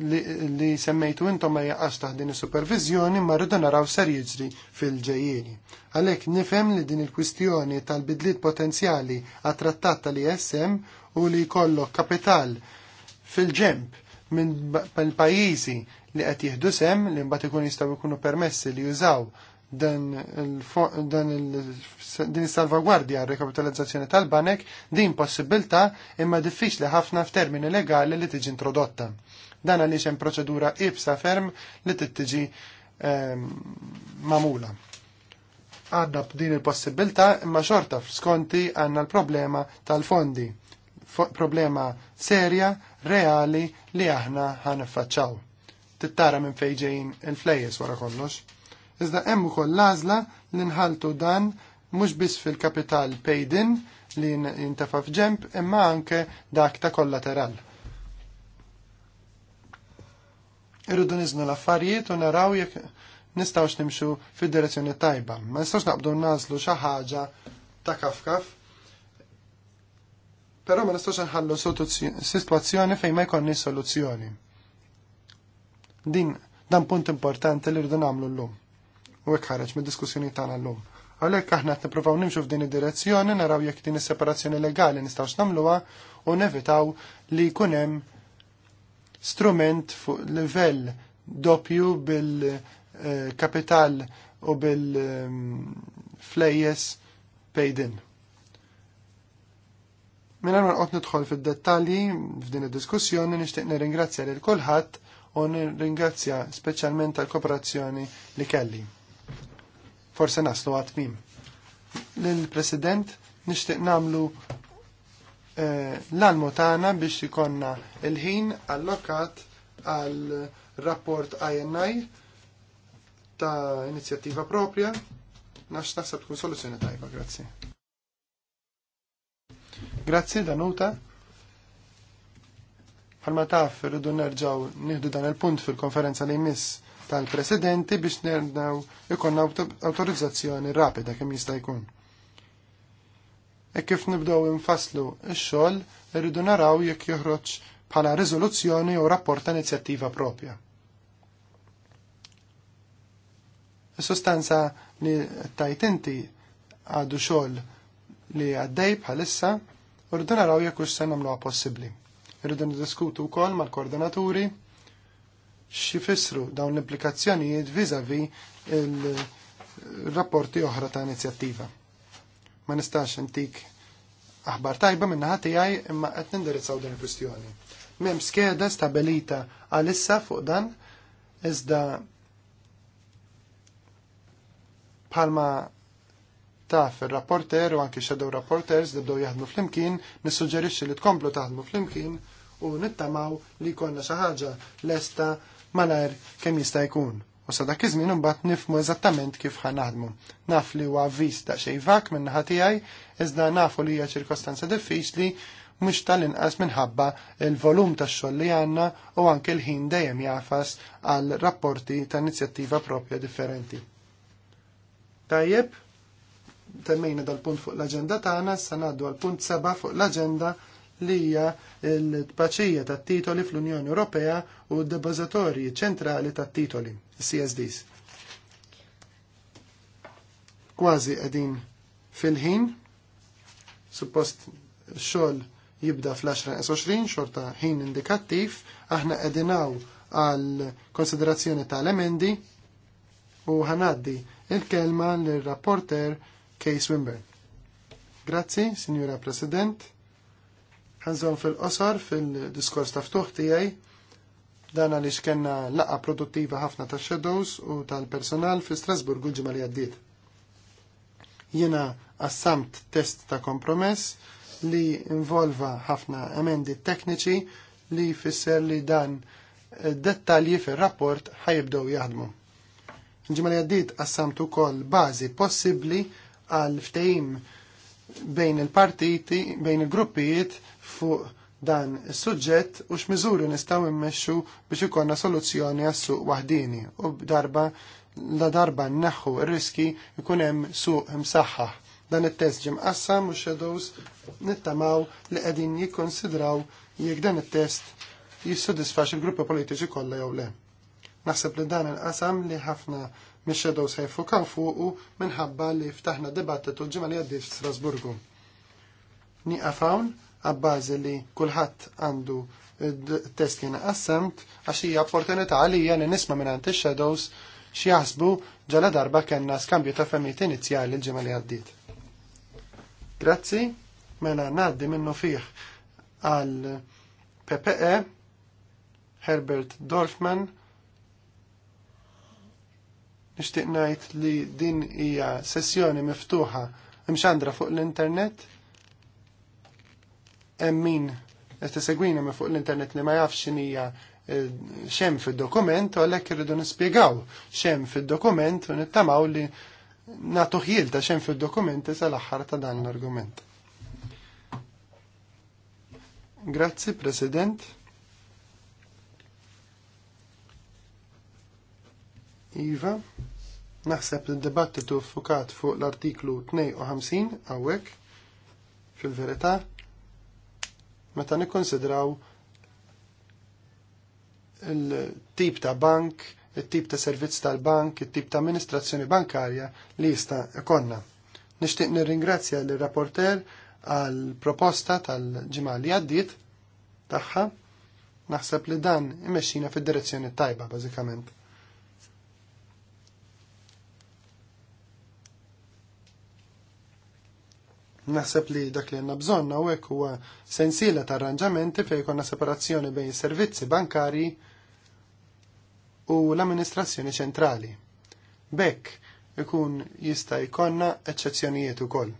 li semmejtu intom ma jaqqas taħt din is-supervizjoni ma rridu naraw ser jiġri fil-ġejjieni. Għalhekk nifhem li din il-kwistjoni tal-bidliet potenzjali għat-trattat tal-ISM u li jkollok kapital fil-ġemp minn pajjiżi li qed jieħdu sem li mbagħad ikun jistgħu jkunu permessi li jużaw Din il salvagwardja rekapitalizzazzjoni tal-banek din possibilità imma diffiċli ħafna f'termini legali li tiġi introdotta. Dan għaliex hemm proċedura ibsa ferm li tittiġi ehm, mamula. Għadna b'din il-possibilità imma xorta f'skonti għandna l-problema tal-fondi problema serja, reali li aħna ħanaffaċċaw. Tittara minn fejġejn il-flejes wara kollox iżda hemm ukoll l-għażla li nħaltu dan mhux biss fil-kapital paid-in li jintefa' f'ġemp imma anke dak ta' kollateral. Irridu niżnu l-affarijiet u naraw jekk nistgħux nimxu fid-direzzjoni tajba. Ma nistgħux naqbdu nażlu xi ħaġa ta' kafkaf Però ma nistgħux nħallu sitwazzjoni fejn ma jkollni soluzzjoni. Din dan punt importanti li rridu nagħmlu llum u hekk ħareġ mid-diskussjoni tagħna llum. Għalhekk aħna qed nippruvaw nimxu f'din id-direzzjoni, naraw jekk din is-separazzjoni legali nistgħux nagħmluha u nevitaw li jkun hemm strument fuq livell doppju bil-kapital eh, u bil-flejjes eh, paid in. Minna mela għot nidħol fil-dettalji f'din id-diskussjoni nixtieq nirringrazzja lil kulħadd u nirringrazzja speċjalment tal-kooperazzjoni li kelli forse naslu għatmim. lill president nishtiq namlu eh, l-almotana biex ikonna il-ħin allokat għal rapport INI ta' inizjattiva propria. Nax naħseb tkun soluzzjoni tajba, grazzi. Grazzi, Danuta. Għalma taf, rridu nerġaw nieħdu dan il-punt fil-konferenza li jmiss tal-presidenti biex nerdaw ikon autorizzazzjoni rapida kemm jista' jkun. E kif nibdew infaslu x-xogħol irridu naraw jekk joħroġ bħala riżoluzzjoni jew rapport ta' inizjattiva propja. Is-sustanza li tajt inti għadu xogħol li għaddej bħalissa u rridu naraw jekk hux se nagħmluha possibbli. Irridu niddiskutu wkoll mal-koordinaturi xifissru dawn l-implikazzjonijiet vizavi il-rapporti oħra ta' inizjattiva. Ma nistax intik aħbar tajba minna ħati għaj imma qed nindirizzaw din il-kwistjoni. Mem skeda stabilita għalissa fuq dan iżda palma taf fil rapporter u anki shadow rapporters li bdew jaħdmu flimkien, nissuġġerixxi li tkomplu taħdmu flimkien u nittamaw li konna xi ħaġa lesta malajr kemm jista' jkun. U sa dak iż-żmien imbagħad nifmu eżattament kif naħdmu. Naf li huwa avviż xejn vak minn naħa tiegħi, iżda nafu li hija ċirkostanza diffiċli mhux tal-inqas minħabba il-volum tax-xogħol li għandna u anke l-ħin dejjem jafas għal rapporti ta' inizjattiva propja differenti. Tajjeb, temmejna dal-punt fuq l-aġenda tagħna, sa ngħaddu għal punt seba' fuq l-aġenda li hija l-tpaċija tat-titoli fl-Unjoni Ewropea u d-depożitorji ċentrali tat-titoli, CSDs. Kważi qegħdin fil-ħin, suppost xogħol jibda fl-10-20, xorta ħin indikattiv, aħna qegħdinaw għal konsiderazzjoni tal-emendi u ħanaddi il-kelma l-rapporter Kay Swinburne. Grazzi, Signora President għanżom fil-qosor fil-diskors ta' ftuħ tiegħi dan għaliex kellna laqa produttiva ħafna ta' shadows u tal-personal fi Strasburg u ġimgħa li għaddiet. Jiena assamt test ta' kompromess li involva ħafna emendi tekniċi li jfisser li dan eh, dettalji fir-rapport ħajibdew jaħdmu. Ġimali li għaddiet assamt ukoll bażi possibbli għal ftehim bejn il-partiti, bejn il-gruppijiet fuq dan is-suġġett u x'miżuri nistgħu immexxu biex ikollna soluzzjoni għas-suq waħdini u darba la darba nneħħu r-riski jkun hemm suq imsaħħa. Dan it-test ġim qassam u shadows nittamaw li qegħdin jikkonsidraw jekk dan it-test jissodisfax il-gruppi politiċi kollha jew le. Naħseb li dan il-qasam li ħafna mix-shadows ħajfukaw fuqu minħabba li ftaħna dibattitu l-ġimgħa li għaddiet f'Strasburgu. Nieqaf hawn għabbażi li kulħadd għandu test kien għassamt, għax hija opportunità għalija li nisma' minn ix-shadows x'jaħsbu ġala darba kellna skambju ta' femijiet inizjali l-ġimgħa li għaddiet. Grazzi, mela ngħaddi minnu fiħ għal PPE Herbert Dorfman nixtieq ngħid li din hija sessjoni miftuħa imxandra fuq l-internet emmin min qed me fuq l-internet li ma jafx xinija eh, xem fil-dokument u għalek irridu nispiegaw xem fil-dokument u nittamaw li natu ħil ta' xem fil-dokument sal aħħar ta' dan l-argument. Grazzi, President. Iva, naħseb l dibattitu fukat fuq l-artiklu 52 għawek fil-verità meta nikkonsidraw il-tip ta' bank, il-tip ta' servizz tal-bank, il-tip ta' amministrazzjoni bankarja li jista' ikonna. Nixtieq nirringrazzja l rapporter għal proposta tal-ġimgħa li għaddiet tagħha. Naħseb li dan imexxina fid-direzzjoni tajba bażikament. Naħseb li dak li għanna bżonna u għek huwa sensiela ta' arranġamenti fej konna separazzjoni bejn servizzi bankari u l-amministrazzjoni ċentrali. Bekk ikun jista' jkonna eċċezzjonijiet ukoll.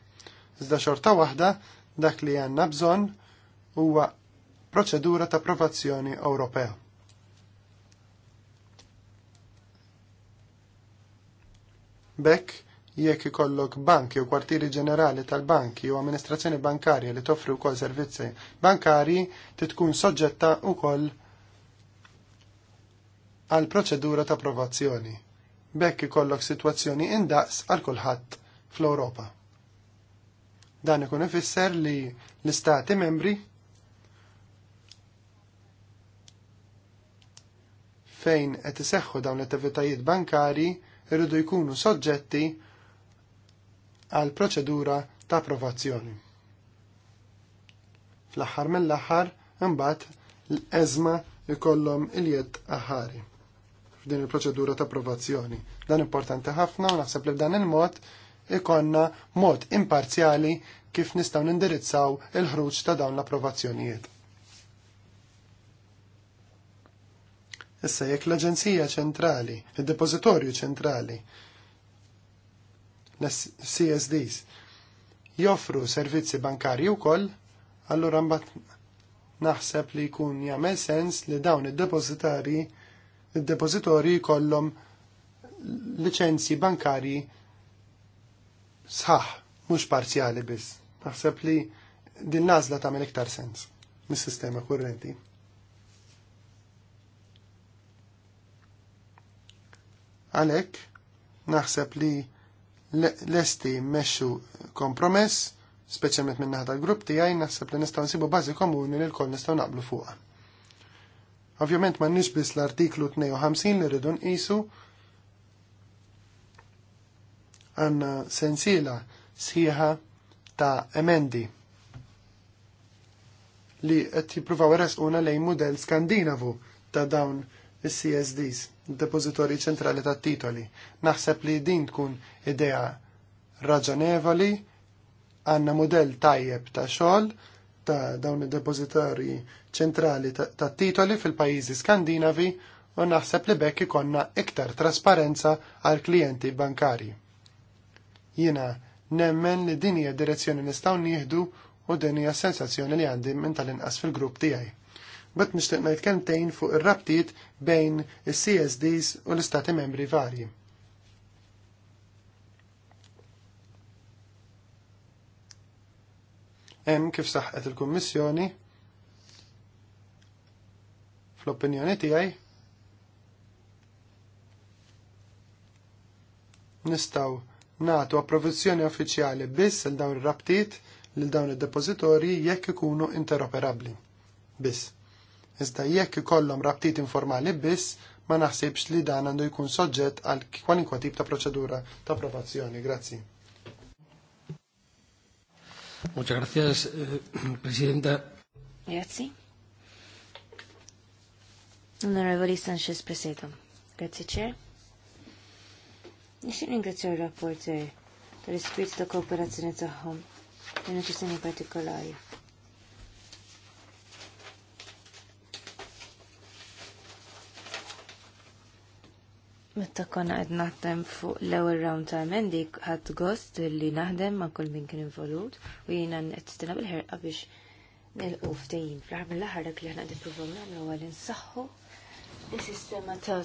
Iżda xorta waħda dak li għanna bżonn huwa proċedura ta' approvazzjoni Ewropea. Bekk jekk ikollok banki u kwartieri ġenerali tal-banki u amministrazzjoni bankarja li toffri wkoll servizzi bankarji titkun soġġetta wkoll għal proċedura ta' approvazzjoni. Bekk ikollok sitwazzjoni indaqs għal kulħadd fl-Ewropa. Dan ikun ifisser li l-istati membri fejn qed iseħħu dawn l-attivitajiet bankari irridu jkunu soġġetti għal proċedura ta' approvazzjoni. Fl-aħħar mill-aħħar imbagħad l-eżma jkollhom iljed aħari f'din il-proċedura ta' approvazzjoni. Dan importanti ħafna u naħseb li f'dan il-mod ikonna mod imparzjali kif nistgħu nindirizzaw il-ħruġ ta' dawn l-approvazzjonijiet. Issa jekk l-Aġenzija Ċentrali, id-Depożitorju Ċentrali, csds joffru servizzi u wkoll, allura mbagħad naħseb li jkun jagħmel sens li dawn id-depożitari id-depożitori jkollhom liċenzji bankarji sħaħ, mhux parzjali biss. Naħseb li din nażla tagħmel iktar sens mis-sistema kurrenti. Għalhekk naħseb li l-esti meċu kompromess, speċjalment minna ħata l-grupp tiegħi naħseb li nistgħu nsibu bażi komuni li l-kol nistgħu naqblu fuqha. Ovvjament ma nisbis biss l-artiklu 52 li rridu nqisu għanna sensiela sħiħa ta' emendi li qed jippruvaw resquna lejn mudell skandinavu ta' dawn il-CSDs, il-Depozitori Ċentrali ta' Titoli. Naħseb li din tkun idea raġonevoli, għanna modell tajjeb ta' xogħol ta' dawn il-Depozitori Ċentrali ta' Titoli fil-pajjiżi Skandinavi u naħseb li bekk ikonna iktar trasparenza għal klijenti bankari. Jiena nemmen li din hija direzzjoni nistgħu nieħdu u din hija sensazzjoni li għandi minn tal-inqas fil-grupp tiegħi. Bat nishtiq najt kemmtejn fuq ir-rabtiet bejn is-CSDs u l-istati membri varji. Hemm kif saħqet il-Kummissjoni fl-opinjoni tiegħi nistgħu nagħtu approvizjoni uffiċjali biss għal dawn ir-rabtiet lil dawn id-depożitorji jekk ikunu interoperabbli. Biss. Iżda jekk ikollhom rabtit informali biss, ma naħsibx li dan għandu jkun soġġett għal kwalinkwa tip ta' proċedura ta' approvazzjoni. Grazzi. Muchas gracias, eh, Presidenta. Grazie. Onorevoli Sanchez Preseto. Grazie, Chair. Nixtieq ringrazzja r-rapporter tal-ispirtu ta' kooperazzjoni tagħhom, in partikolari. Metta konna għed naħdem fuq l-ewel round ta' emendi għad gost li naħdem ma' kull min kien involut u n qed bil-ħerqa biex nilqu ftehim. Fl-aħħar mill-aħħar dak li aħna nippruvaw nagħmlu għal insaħħu is-sistema ta'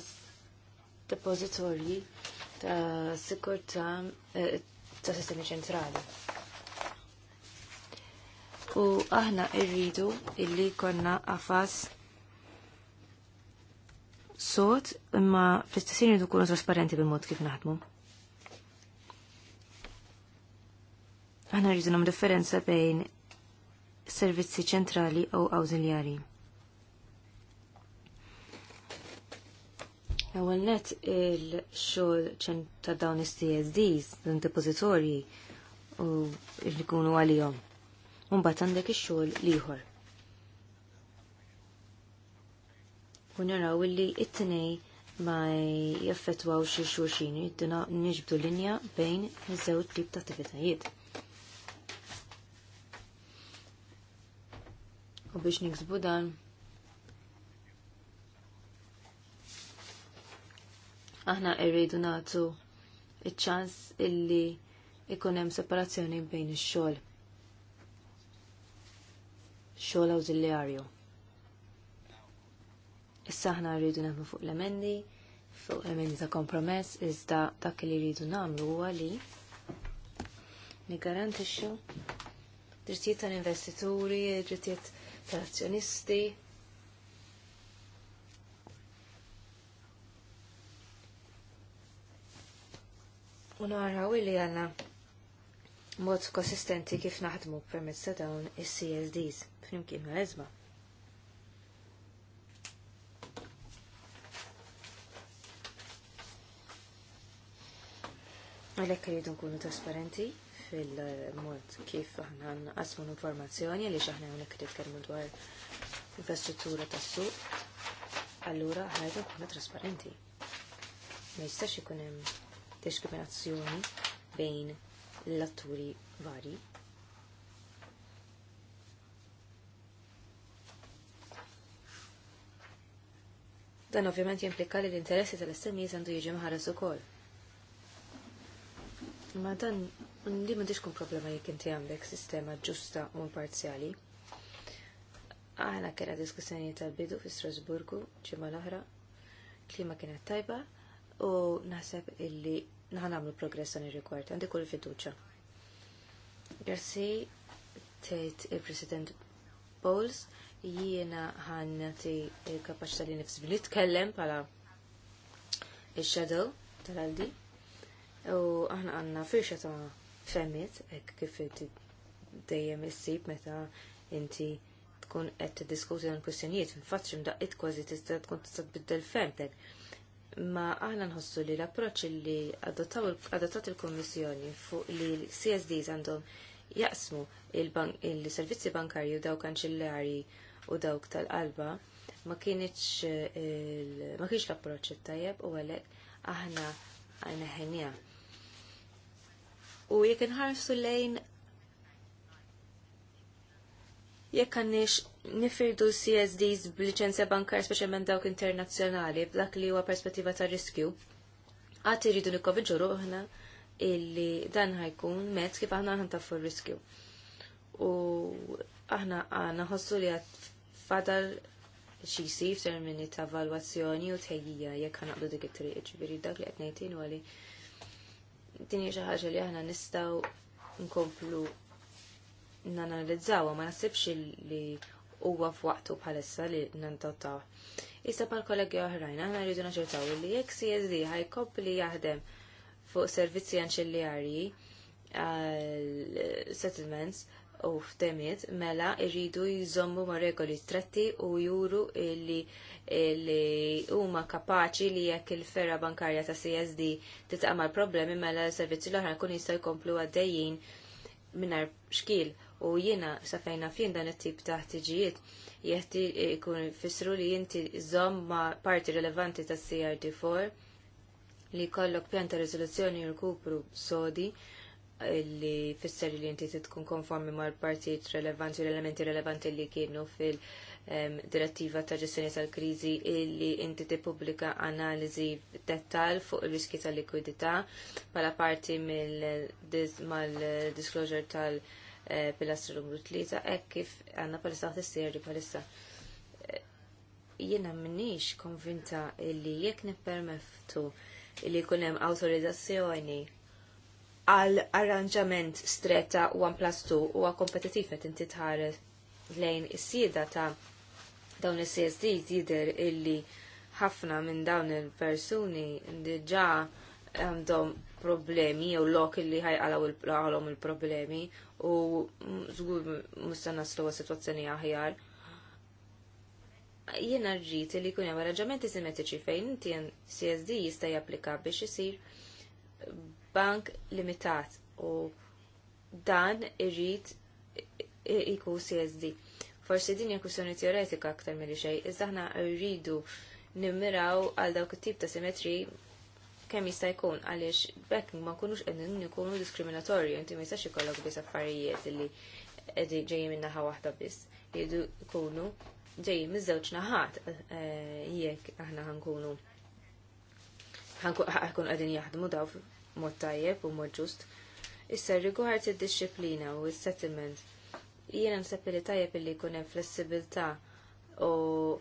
depożitorji ta' sikurtà eh, ta' sistemi ċentrali. U aħna rridu illi konna għafas sot imma fl-istessin jridu kunu trasparenti bil-mod kif naħdmu. Aħna rridu nam differenza bejn servizzi ċentrali u awżiljari. Ewwel net il-xogħol ta' dawn is-CSDs, dan depożitorji u jkunu għalihom. Mbagħad għandek ix-xogħol ieħor u naraw illi it-tnej ma jaffetwaw xi xurxin jidduna niġbdu linja bejn iż-żewġ tip ta' attivitajiet. U biex niksbu dan aħna rridu nagħtu iċ-ċans illi ikun hemm separazzjoni bejn ix-xogħol. Xogħol awżiljarju. Issa ħna rridu naħdmu fuq l-emendi, fuq l emendi ta' kompromess, iżda dak li rridu nagħmlu huwa li nigarantixxu drittijiet tal-investituri, drittijiet tal-azzjonisti, U li għanna mod konsistenti kif naħdmu permezz ta' dawn is-CSDs flimkien ma' eżma. Għalhekk rridu nkunu trasparenti fil-mod kif aħna nqasmu l-informazzjoni li xaħna hawnhekk titkellmu dwar infrastruttura tas-suq, allura ħajdu nkunu trasparenti. Ma jistax ikun hemm diskriminazzjoni bejn l-atturi varji. Dan ovvjament jimplika li l-interessi tal-SMI sandu jiġi maħares ukoll. Ma dan, li ma diċkun problema jek inti għandek sistema ġusta u imparzjali. Aħna kena diskussjoni tal-bidu fi Strasburgu ġimma l-oħra, klima kienet tajba u naħseb illi naħan għamlu progress għan ir-rigward, għandi kull fiduċa. Grazzi, tgħid il-President Bowles, jiena ħannati il-kapaċta li nifsi li tkellem bħala il-shadow tal-għaldi. U aħna għandna firxa ta' femmit, hekk kif dejjem issib meta inti tkun qed tiddiskuti dan kwistjonijiet, xim daqqit kważi tista' tkun tista' tbiddel femtek. Ma aħna nħossu li l-approċċ li adottat il il-kommissjoni fuq li CSDs għandhom jaqsmu il-servizzi bankarji u dawk kanċillari u dawk tal-qalba ma kienx eh, ma kienx l-approċċ tajjeb u għalhekk aħna għajna ħenja u jekk inħarsu lejn jekk għannix nifirdu CSDs b'liċenzja bankar speċjalment dawk internazzjonali b'dak li huwa perspettiva ta' riskju. Għad irridu ġuru uħna illi dan ħajkun mezz kif aħna għan tafu riskju. U aħna għana ħossu li għad fadal xi jsir f'termini ta' valwazzjoni u tħejjija jekk ħanaqdu dik it-triq, ġibiri dak li qed u għali tini xi ħaġa li aħna nistgħu nkomplu nanalizzawha ma nasibx li huwa f'waqtu bħalissa li nantottaw. Issa pal kollegi oħrajn, aħna rridu naċertaw li jekk CSD li jaħdem fuq servizzi anċiljarji għal settlements u f'temiet mela jridu jżommu ma' regoli stretti u juru li li huma kapaċi li jekk il-ferra bankarja ta' CSD titqamal problemi mela servizzi l-oħra kun jistgħu jkomplu għaddejjin mingħajr xkil u jiena sa fejna fin dan it-tip ta' ħtiġijiet jeħti jkun fissru li inti żomm ma' parti rilevanti tas CRD4 li jkollok pjanta riżoluzzjoni riżoluzzjoni rkupru sodi Illi fisser li inti tkun konformi mal-partijiet relevanti, l-elementi relevanti li kienu fil- direttiva ta' ġestjoni tal-kriżi illi inti tippubblika analiżi dettal fuq ir-riski tal-likwidità bħala parti mill-disclosure tal-pilastru eh, numru 3 hekk kif għandna palissa tissierri palissa. Eh, Jiena m'nix konvinta illi jekk nippermettu illi jkun hemm awtorizzazzjoni għal arranġament stretta u għan plastu u għan kompetitiv għet inti tħares lejn is-sieda ta' dawn is-CSD jider illi ħafna minn dawn il-persuni diġa għandhom problemi jew lok illi ħajqalaw għalhom il-problemi u żgur musta naslu situazzjoni aħjar. Jiena rġit li jkun hemm arranġamenti simmetriċi fejn inti CSD jista' japplika biex isir bank limitat u dan irrit iku CSD. Forsi din hija teoretika aktar milli xejn, iżda aħna rridu nimmiraw għal dawk it-tip ta' simetri kemm jista' jkun għaliex bekk ma nkunux qegħdin ikunu diskriminatorju inti ma jistax ikollok biss affarijiet li qegħdin ġejjin minn naħa waħda biss. Jiddu jkunu ġejjin miż-żewġ naħat eh, jekk aħna ħankunu ħankun qegħdin jaħdmu daw mod tajjeb u mod ġust. Issa rigward id-disciplina u s-settlement, jiena nsepp li tajjeb li jkun hemm flessibilità u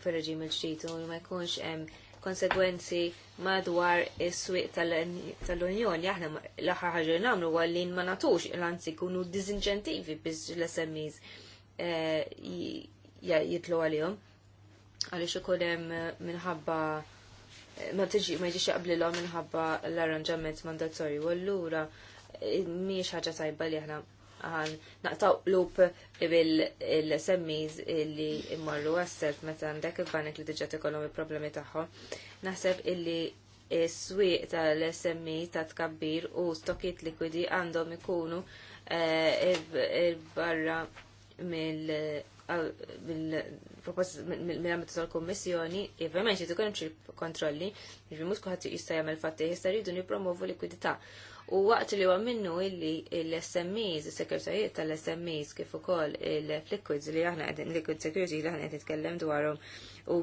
fir-reġim il-ġdid u ma jkunx hemm konsegwenzi madwar is-swieq tal-Unjoni. Aħna l-aħħar ħaġa nagħmlu huwa li ma nagħtux l-anzi jkunu diżinċentivi biex l-SMEs eh, jitlu għalihom għaliex ikun hemm minħabba ma tiġi ma jiġix jaqblilhom minħabba l-arranġament mandatorju u allura mhijiex ħaġa tajba li aħna għan naqtaw loop bil-semmiz illi immorru għas meta għandek il-banek li diġa tikollhom il-problemi tagħhom. Naħseb illi s-swieq tal-SMI e ta' tkabbir u stokit likwidi għandhom ikunu eh, barra mill mill-ambitu tal-kommissjoni, ovvjament xi ikun hemm kontrolli, biex mhux kulħadd jista' jagħmel fatti, jista' jridu nippromovu likwidità. U waqt li huwa minnu illi l-SMEs, is-sekretarijiet tal-SMEs kif ukoll il-liquids li aħna qegħdin liquid security li aħna qed nitkellem dwarhom u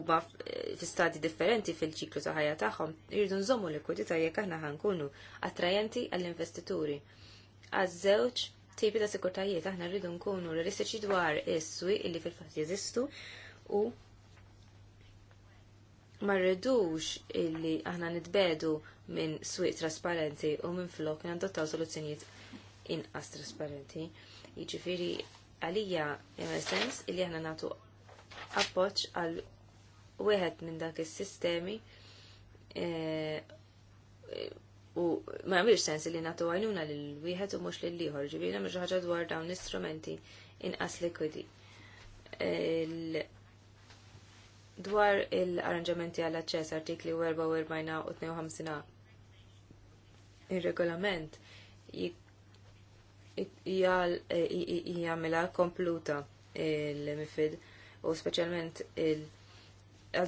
fi stati differenti fil-ċiklu ta' ħajja tagħhom, jridu nżommu likwidità jekk aħna ħankunu attrajenti għall-investituri. Għaż-żewġ tipi ta' sikurtajiet aħna rridu nkunu realistiċi dwar is-swi illi fil-fatt jeżistu u ma rridux illi aħna nitbedu minn swieq trasparenti u minn flok għandottaw soluzzjonijiet inqas trasparenti. Jiġifieri għalija hemm sens illi aħna nagħtu appoġġ għal wieħed minn dak is-sistemi eh, U ma jagħmilx sens li nagħtu għajnuna lil wieħed u mhux lil liħor ġibina mux ħaġa dwar dawn l-istrumenti inqas likwidi. Dwar il-arranġamenti għall aċċess artikli 44 u 52 il-regolament jgħamela kompluta il-mifid u specialment għal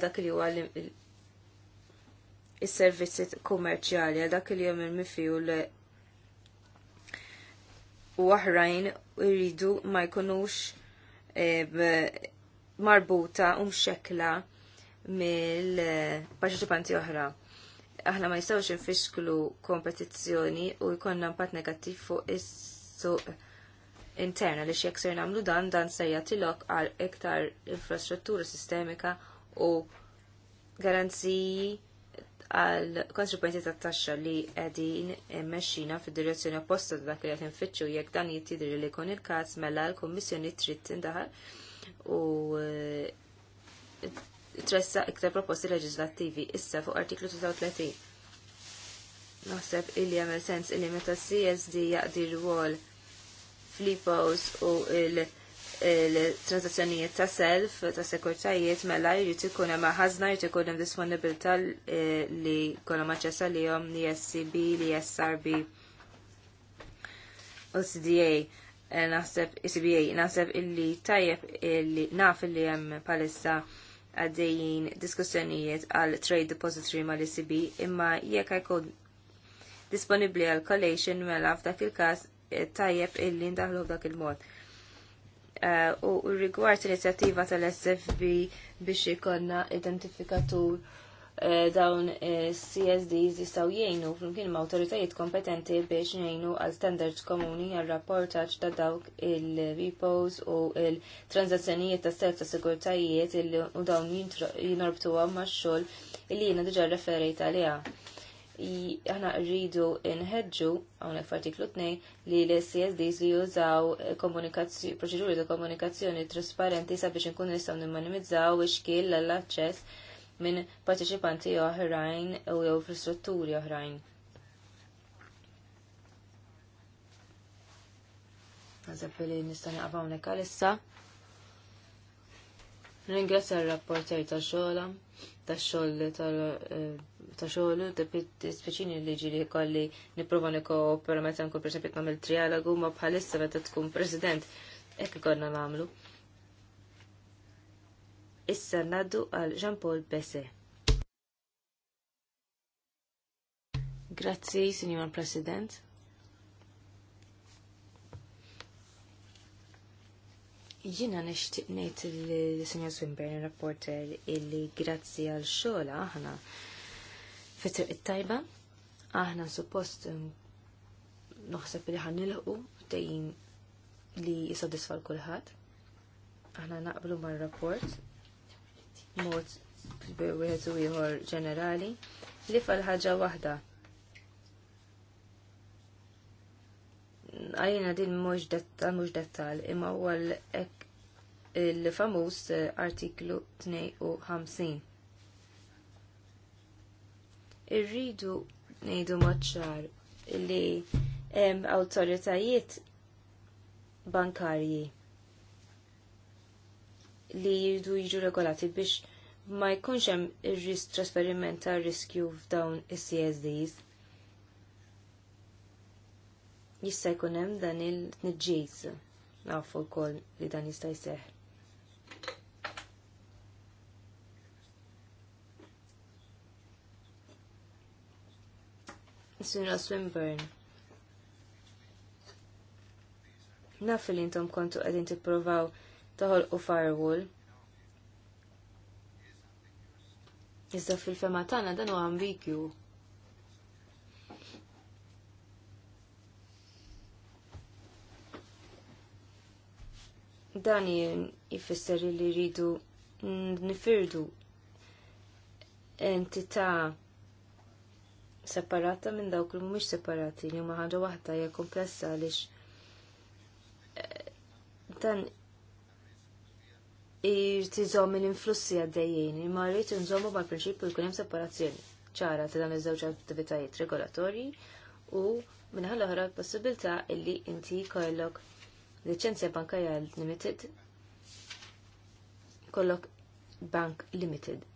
dak li huwa il servizzi kummerċjali għal dak il jom il-mifiju u oħrajn irridu ma jkunux e, marbuta u mxekla mill-parċipanti oħra. Aħna ma jistawx nfisklu kompetizzjoni u jkollna impatt negattiv fuq is-suq interna li x'jekk ser nagħmlu dan dan se jagħtilok għal iktar infrastruttura sistemika u garanziji għal kontribwenti ta' taxxa li qegħdin meċina fid-direzzjoni opposta ta' dak li qed infittxu jekk dan jittidri li jkun il-każ mela l-Kummissjoni trid tindaħal u eh, tressa iktar proposti leġislattivi issa fuq artiklu 33. Naħseb illi għamil sens illi meta CSD jaqdi rwol fl-IPOs u il- il-transazzjonijiet ta' self, ta' sekurtajiet, mela jrid ikun hemm ħażna jrid ikun hemm disponibilità eh, li jkollhom aċċess għalihom li SCB, li SRB u CDA. Eh, naħseb ICBA, naħseb illi tajjeb illi naf illi hemm palissa għaddejjin diskussjonijiet għal Trade Depository mal icb imma jekk jkun disponibbli għal collation mela f'dak il-każ eh, tajjeb illi ndaħlu f'dak il-mod u rigward l-inizjattiva tal-SFB biex ikonna identifikatur eh, dawn eh, CSDs jistaw jgħinu flimkien ma' autoritajiet kompetenti biex jgħinu għal standards komuni għal rapportaċ ta' dawk il-repos u il-transazzjonijiet ta' self ta' sigurtajiet u dawn jinorbtu għam ma' xol li jina diġa referejt għalija aħna rridu nħedġu hawnhekk f'artiklu 2 li l-CSDs li jużaw eh, proċeduri ta' komunikazzjoni trasparenti sabiex inkun nistgħu nimmanimizzaw ix-xkiel l-aċċess minn parteċipanti oħrajn u jew infrastrutturi oħrajn. Għazab li nistani għabaw nekka lissa. Ringrazzja l rapporter ta' xola, ta' xoll tal eh, ta' xoħlu, xogħol speċini li ġili kolli niprofa nipprova nikkoopera meta per esempio nagħmel trialogu ma bħalissa meta tkun president ekk ikollna namlu Issa naddu għal Jean-Paul Besse. Grazzi, Signor President. Jina nishtiqnejt il-signor sinja Swinburne rapporter il-li grazzi għal xola ħana fitr it-tajba, aħna suppost um, noħseb li ħan nilħu tejjin li jisodisfa l-kulħadd. Aħna naqblu mar-rapport mod wieħed u ieħor ġenerali li fal ħaġa waħda. Għalina din mhux dettal imma huwa l-famuż eh, artiklu 52 irridu ngħidu maċċar li hemm awtoritajiet bankarji li jridu jiġu regolati biex ma jkunx hemm ir-risk trasferiment ta' riskju f'dawn is-CSDs. Jista' jkun hemm dan il-tniġġis nafu wkoll li dan jista' jseħħ. Sinra Swinburne. Naf li intom kontu għedin t-provaw taħol u firewall. Iżda fil-fema tagħna dan huwa ambigju. Dan jifisser li rridu nifirdu entità' separata minn dawk li mhumiex separati li huma ħaġa waħda hija komplessa għaliex eh, dan irtiżom l-influssi għaddejjin, imma rrid nżommu mal-prinċipju jkun hemm separazzjoni ċara ta' dan iż-żewġ attivitajiet regolatorji u l oħra l-possibilità illi inti jkollok liċenzja bankarja limited kollok bank limited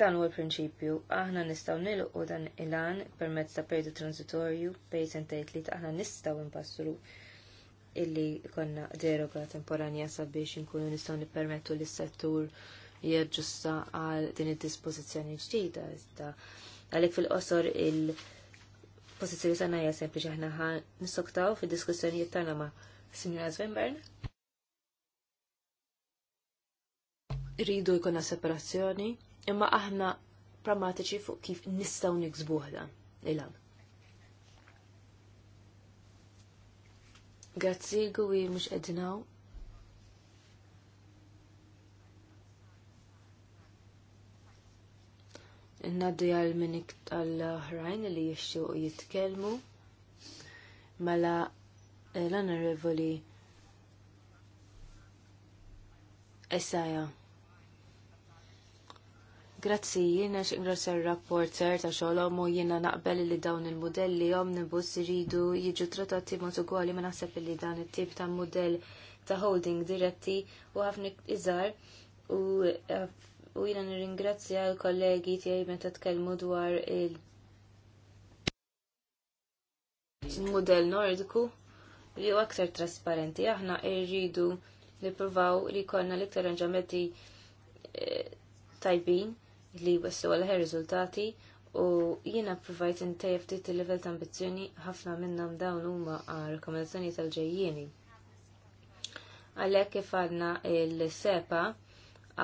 Dan huwa l-prinċipju, aħna nistgħu nilqu dan il-għan permezz ta' periodu transitorju bejn sentejt li aħna nistgħu npassru illi konna deroga temporanja sabiex inkunu nistgħu nippermettu lis settur jaġġusta għal din id-dispożizzjoni ġdida iżda għalhekk fil-qosor il-pożizzjoni tagħna hija sempliċi aħna ħa nissoktaw fid-diskussjonijiet tagħna ma' Signora Zwinbern. Rridu jkollna separazzjoni imma aħna pragmatiċi fuq kif nistgħu nikzbuħ dan il Grazzi għuwi mux edinaw. Naddu għal minnik tal-ħrajn li jiexċu u jitkelmu. Mela l-onorevoli Esaja. Grazzi, jiena xingrasa il-rapporter ta' xolom u jiena naqbel li dawn il-modelli omnibus jridu jiġu trattati mod uguali ma naħseb li dan it-tip ta' modell ta' holding diretti u ħafna iżgħar u u jiena nirringrazzja l-kollegi tiegħi meta tkellmu dwar il-modell nordiku li huwa aktar trasparenti. Aħna li nippruvaw li jkollna l-iktar arranġamenti eh, tajbin li waslu għal ħer riżultati u jiena provajt intej ftit il-level ta' ambizzjoni ħafna minnhom dawn huma rekomendazzjoni tal-ġejjieni. Għalhekk kif għadna l-sepa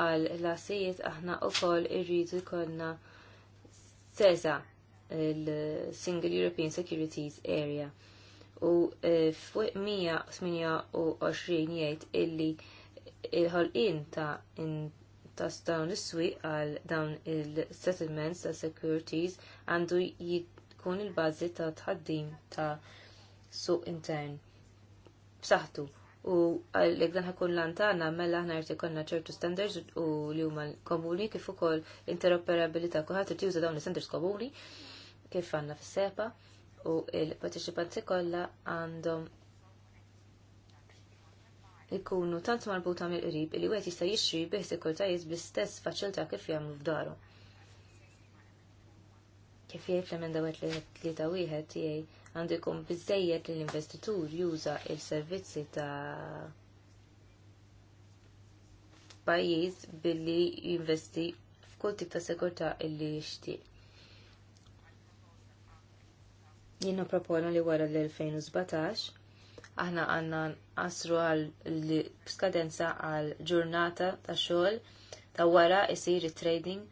għal lasijiet aħna wkoll irridu jkollna seza il-Single European Securities Area u eh, fuq 128 jgħid illi il-ħolqien ta' tas dawn is-swieq għal dawn il-settlements ta' securities għandu jkun il-bażi ta' tħaddim ta' suq intern b'saħħtu. U għalhekk dan ħakun lantana mela aħna jrid ikollna ċertu standards u li huma komuni kif ukoll interoperabilità kulħadd irid juża dawn is-standards komuni kif għandna fis-sepa u l-partiċipanti kollha għandhom ikunu tant marbuta mill-qrib li wieħed jista' jixtri bih sikurtajiet bl-istess faċilità kif jagħmlu f'daru. Kif jgħid fl-emenda tlieta wieħed tiegħi għandu jkun biżejjed li l-investitur juża il-servizzi ta' pajjiż billi jinvesti f'kull tip ta' sekurtà illi jixtieq. Jiena proponu li wara l-2017 aħna għandna għasru għal skadenza għal ġurnata ta' xogħol ta' wara jsir trading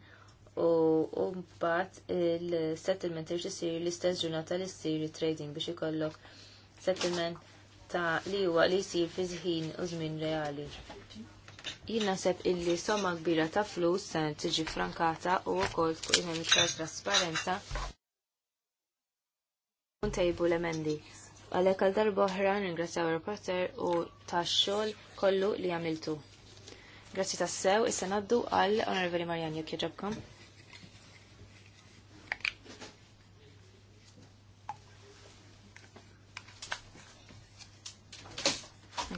u mbagħad il-settlement irid isir l-istess ġurnata li jsir trading biex ikollok settlement ta' li huwa li jsir fi żħin u żmien reali. Jien naħseb illi somma kbira ta' flus se tiġi frankata u wkoll tkun hemm iktar trasparenza. Untejbu l-emendi. Għalhekk għal darba oħra ningrazzjaw ir-reporter u tax-xogħol kollu li għamiltu. Grazzi tassew, issa naddu għal Onorevoli Marjan jekk jġobkom.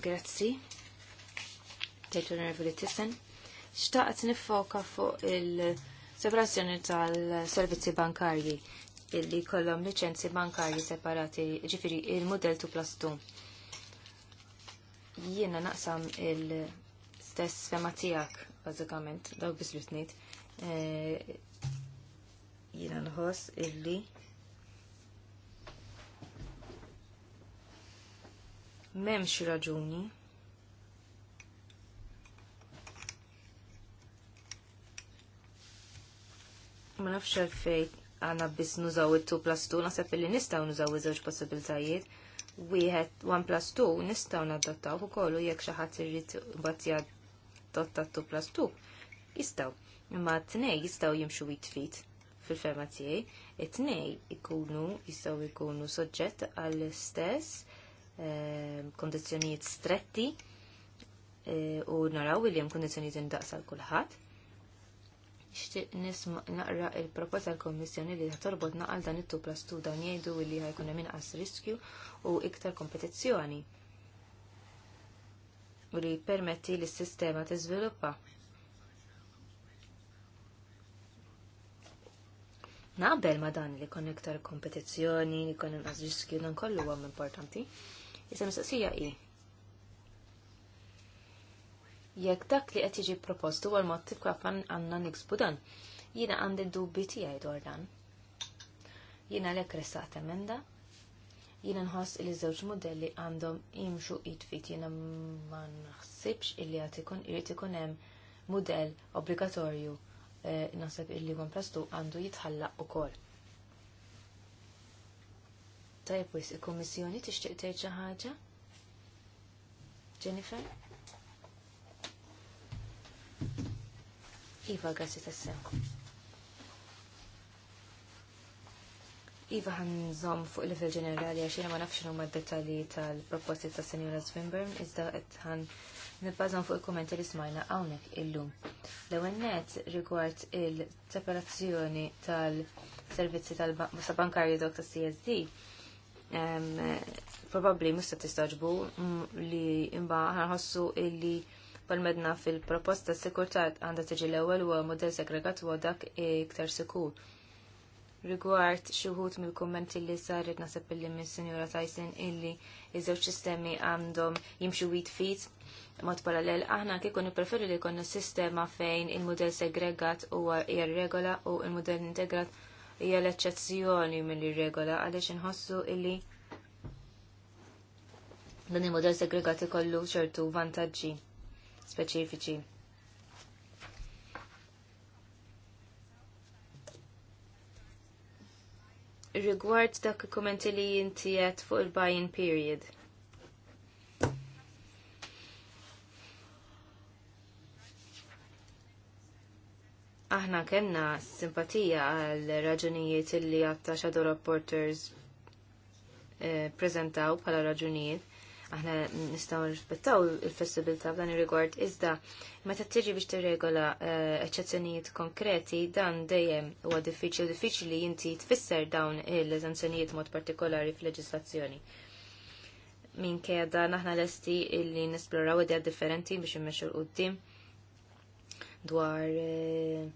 Grazzi. Tejtu Onorevoli Tissen. Xtaqt nifoka fuq il-separazzjoni tal-servizzi bankarji illi kollom licenzi bankarji separati, ġifiri il-model tu plus tu. Jiena naqsam il-stess fema tijak, bazzikament, dawk bis l-utnit. Eh, jiena nħos illi memx raġuni ma nafx fejt għanna biss nużaw il-2 plus 2, nasab li nistaw nużaw iż-żewġ possibiltajiet. Wieħed 1 plus 2 nistaw nadottaw u kollu jekk xi ħadd irid mbagħad dotta 2 plus 2. Jistaw. Imma t nej jistaw jimxu jitfit fil-ferma tiegħi. it nej ikunu jistaw jkunu soġġett għall-istess ehm, kondizzjonijiet stretti eh, u naraw li hemm kondizzjonijiet indaqsa l kulħadd Xtiq nisma naqra il-proposta tal kommissjoni li torbot naqal dan it-tub la studan jgħidu li ħajkun hemm inqas riskju u iktar kompetizzjoni. U li permetti li s-sistema tiżviluppa. Naqbel ma dan li kon iktar kompetizzjoni, li kon inqas riskju dan kollu huwa importanti. Issa mistoqsija hi jekk dak li qed jiġi propostu għal mod kif għandna niksbu dan. Jiena għandi dubbi tiegħi dwar dan. Jiena lek ressaqt emenda. Jiena nħoss li żewġ modelli għandhom jimxu id-fit jiena ma naħsibx illi irid ikun hemm mudell obbligatorju eh, naħseb illi komprastu għandu jitħallaq ukoll. Tajb wis il-Kummissjoni tixtieq tgħid xi ħaġa? Jennifer? Iva, għassi tassew. Iva zom fuq level ġenerali għax jiena ma nafxin u d-dettalji tal-proposti ta' Senjora Swinburne iżda qed ħan nibbażan fuq il-kommenti li smajna hawnhekk illum. L-ewwel net rigward il-separazzjoni tal-servizzi tal bankarju dok ta' CSD probabli mista tistaġbu mm, li imba ħanħossu illi Q-medna fil-proposta s-sikurtat għandha tiġi l-ewwel huwa modell segregat huwa dak iktar sikur. Rigward xi wħud mill-kummenti li saret naħseb illi minn Sinjura Tyson illi iż-żewġ sistemi għandhom jimxu wit fit mod parallel aħna kieku nippreferu li jkollna sistema fejn il mudell segregat huwa hija regola u il mudell integrat hija l-eċċezzjoni mill-regola għaliex inħossu illi dan il mudell segregat ikollu ċertu vantaġġi speċifiċi. Rigward dak il-kommenti li jinti fuq il buying period. Aħna kemna simpatija għal raġunijiet li għatta Shadow Reporters eh, prezentaw bħala raġunijiet aħna nistgħu nirrispettaw il-flessibilità f'dan ir-rigward iżda meta tiġi biex tirregola eh, eċċezzjonijiet konkreti dan dejjem huwa diffiċli u diffiċli inti tfisser dawn il eżenzjonijiet mod partikolari fil-leġislazzjoni minn keda naħna l-esti illi nesploraw id differenti biex immexxu l-qoddim dwar eh,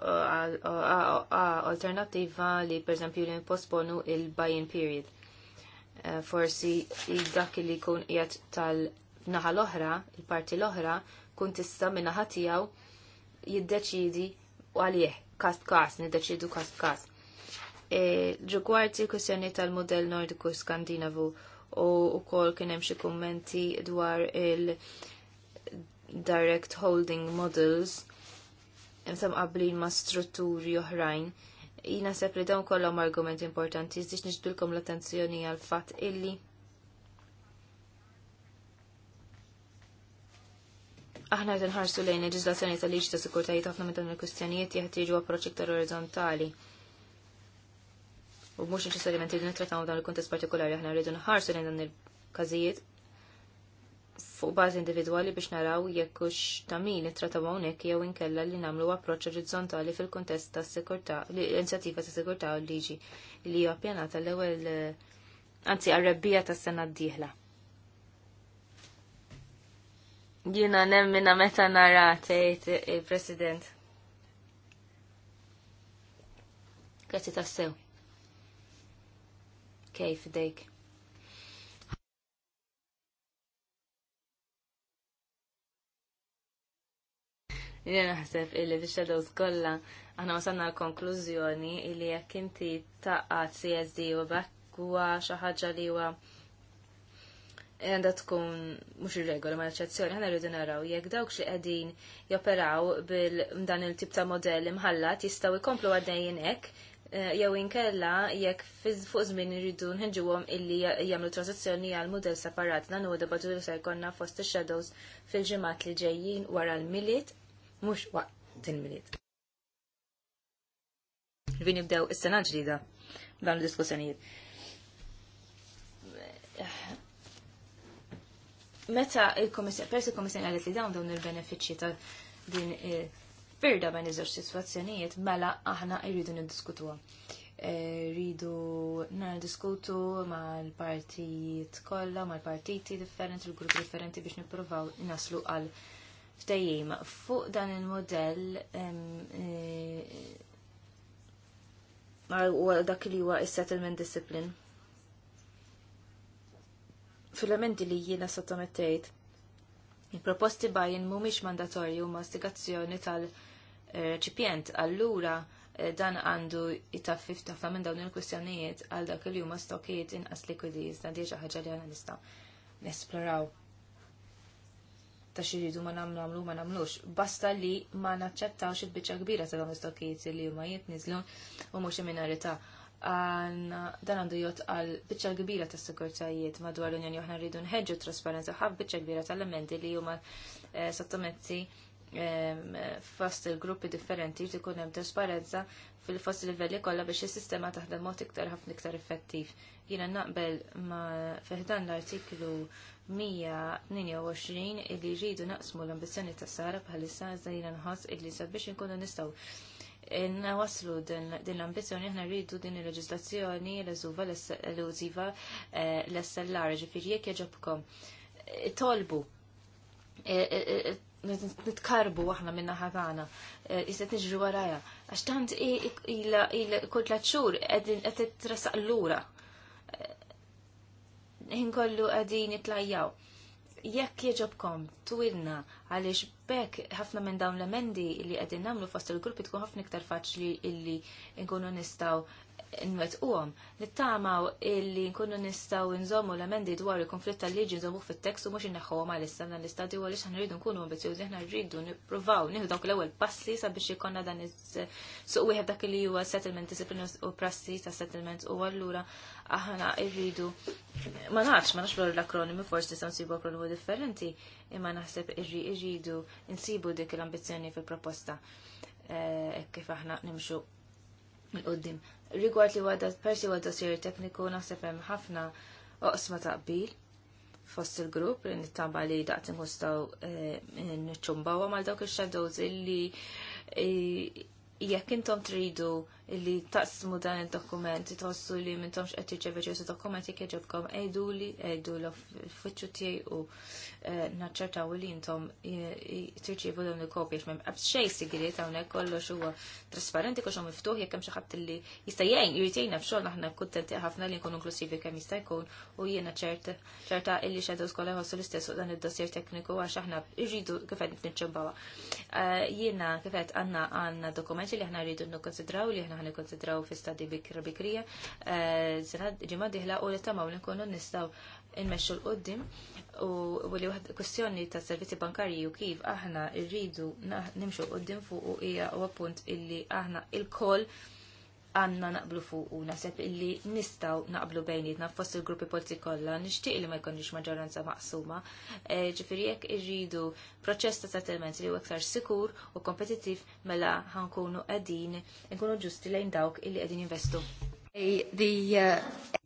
alternativa li esempio li nposponu il-buy-in period. Eh, forsi dak li jkun qiegħed tal-naħa l-oħra, il-parti l-oħra, kun tista' minna ħatijaw tiegħu u għalieħ, kast kas, niddeċidu kast kas. E, rigward il-kwestjoni tal model nordiku skandinavu u wkoll kien hemm xi kummenti dwar il- direct holding models imsam qablin ma' strutturi oħrajn. Jina sepp li dawn kollom argument importanti, jizdix nixdulkom l-attenzjoni għal fatt illi aħna qed nħarsu lejn leġiżlazzjoni tal-liġi ta' sikurtajiet ħafna minn dawn il-kwistjonijiet jeħtieġu approċċ iktar orizzontali. U mhux neċessarjament irridu nittrattaw dan il-kuntest partikolari aħna rridu nħarsu lejn dan il-każijiet fuq bażi individwali biex naraw jekk hux ta' min ittrattaw hawnhekk jew inkella li nagħmlu approċċ orizzontali fil-kuntest ta' sikurtà l-inizjattiva ta' sikurtà u liġi li hija ppjanata l-ewwel eh, anzi għar-rebbija tas-sena d-dieħla. Jiena nemmina meta nara tgħid il-President. Grazzi tassew. Kejf dejk. Jena naħseb illi biex shadows kollha aħna wasanna l-konklużjoni illi jekk inti taqgħad CSD u back xaħġa xi ħaġa li huwa għanda tkun mux il-regola ma l-eċezzjoni, ħana rridu naraw, jekk dawk xi qegħdin joperaw bil-dan il-tip ta' modelli mħallat jistgħu jkomplu għaddejjin ek, eh, jew inkella jekk fuq żmien irridu nħinġuhom illi jagħmlu transazzjoni għal mudell separat dan huwa debatu li se jkollna fost ix-shadows fil-ġimgħat li ġejjin wara l-milit mhux waqt din miliet Vin nibdew is-sena ġdida dan l diskussjonijiet Meta il-Komissjoni, persi il-Komissjoni għalet li dawn dawn il-benefiċċji ta' din il-firda bejn iż-żewġ sitwazzjonijiet mela aħna rridu niddiskutuha. Eh, rridu diskutu ma' l-partijiet kollha, ma' l-partiti differenti, l-gruppi differenti biex nippruvaw naslu għal ftajim fuq dan il-modell eh, eh, u dak li huwa is-settlement discipline. Filamenti li jiena sottomettejt. Il-proposti bajin mhumiex mandatorju ma' stigazzjoni tal-reċipjent, allura eh, dan għandu jitaffif tafna minn dawn il-kwistjonijiet għal dak il-jum stokiet inqas likwidi, iżda diġa ħaġa li għana nistaw nesploraw ta' xiridu ma namlu ma namlux. Basta li ma naċċettawx il-bicċa kbira ta' dawn istokkijiet li huma jitniżlu u mhux minarita. dan għandu jot għal bicċa kbira ta' sekurtajiet madwar l-Unjoni uħna rridu nħedġu trasparenza ħab bicċa kbira tal-elementi li huma eh, sottometti ehm, fost il-gruppi differenti li ikun hemm trasparenza fil-fost livelli kollha biex is-sistema taħdem mod iktar ħafna iktar effettiv. Jiena naqbel ma fiħdan l-artiklu 122 illi jridu naqsmu l-ambizzjoni ta' Sara bħalissa iżdajna nħoss illi sabiex inkunu nistgħu Waslu din l-ambizjoni aħna rridu din il-leġislazzjoni l-eżuva l-eżuva eh, l-SLR, ġifiri jek Itolbu eh, Tolbu, eh, nitkarbu aħna minna ħagħana, jistet nġru għaraja, għax tant il kull laċċur għed qed trasaq lura ħin kollu għadin jitlajjaw. Jekk jieġobkom twilna għaliex bekk ħafna minn dawn l-emendi li qegħdin nagħmlu fost il grupp tkun ħafna iktar faċli illi nkunu nistgħu nwet uwom. Nittamaw illi nkunu nistaw nżommu l-amendi dwar il-konflitt tal-liġi nżommu fit-tekst u mux inneħħu għom għal istan l-istadju għalix ħan rridu nkunu ambizjużi, ħna rridu nipruvaw nieħdu dawk l-ewwel passi sabiex ikonna dan suq wieħed dak li huwa settlement discipline u prassi ta' settlement u allura aħna rridu ma nafx ma nafx l-akronimi forsi sa nsibu akronimi differenti imma naħseb irridu nsibu dik l-ambizzjoni fil-proposta eh, kif aħna nimxu l-qoddim. Rigward li għadda persi għadda sir tekniku naħseb hemm ħafna oqsma ta' fost il-grupp li nittama li daqt nkustaw eh, nċumbawa mal dawk il-shadows illi eh, jekk intom tridu illi taqsmu dan il-dokument, tħossu li minn tomx qed tirċevi ċertu dokumenti kħedġobkom ejdu li ejdu l fuċu tiegħi u u eh, li intom tirċevu dawn il-kopji x'mem qabs xejn sigriet hawnhekk kollox huwa trasparenti kollox miftuħ jekk xaħat li jistajjajn, jgħin jrid naħna f'xogħol aħna kuntenti ħafna li nkunu inklusivi kemm jistajkun u jiena ċerta illi xedew skola għossu l-istess fuq dan il dossier tekniku għax aħna rridu kifet qed nitċibbawha. Eh, kifet għanna għanna dokumenti li ħna rridu nikkonsidraw li aħna aħna ħan fi stadi bikra bikrija, eh, ġimma diħla u li tamaw li nkunu nistaw nmexxu l-qoddim u li waħed kwestjoni ta' servizzi bankarji u kif aħna rridu nimxu l-qoddim fuq u hija u appunt illi aħna il-koll għanna naqblu fuq u naħseb illi nistaw naqblu bejnietna fost il-gruppi politi kollha nixtieq li ma jkunniex maġġoranza maqsuma. E, ġifieri jekk irridu proċess ta' settlement li huwa aktar sikur u kompetittiv mela ħankunu qegħdin nkunu ġusti lejn dawk illi qegħdin investu. Uh,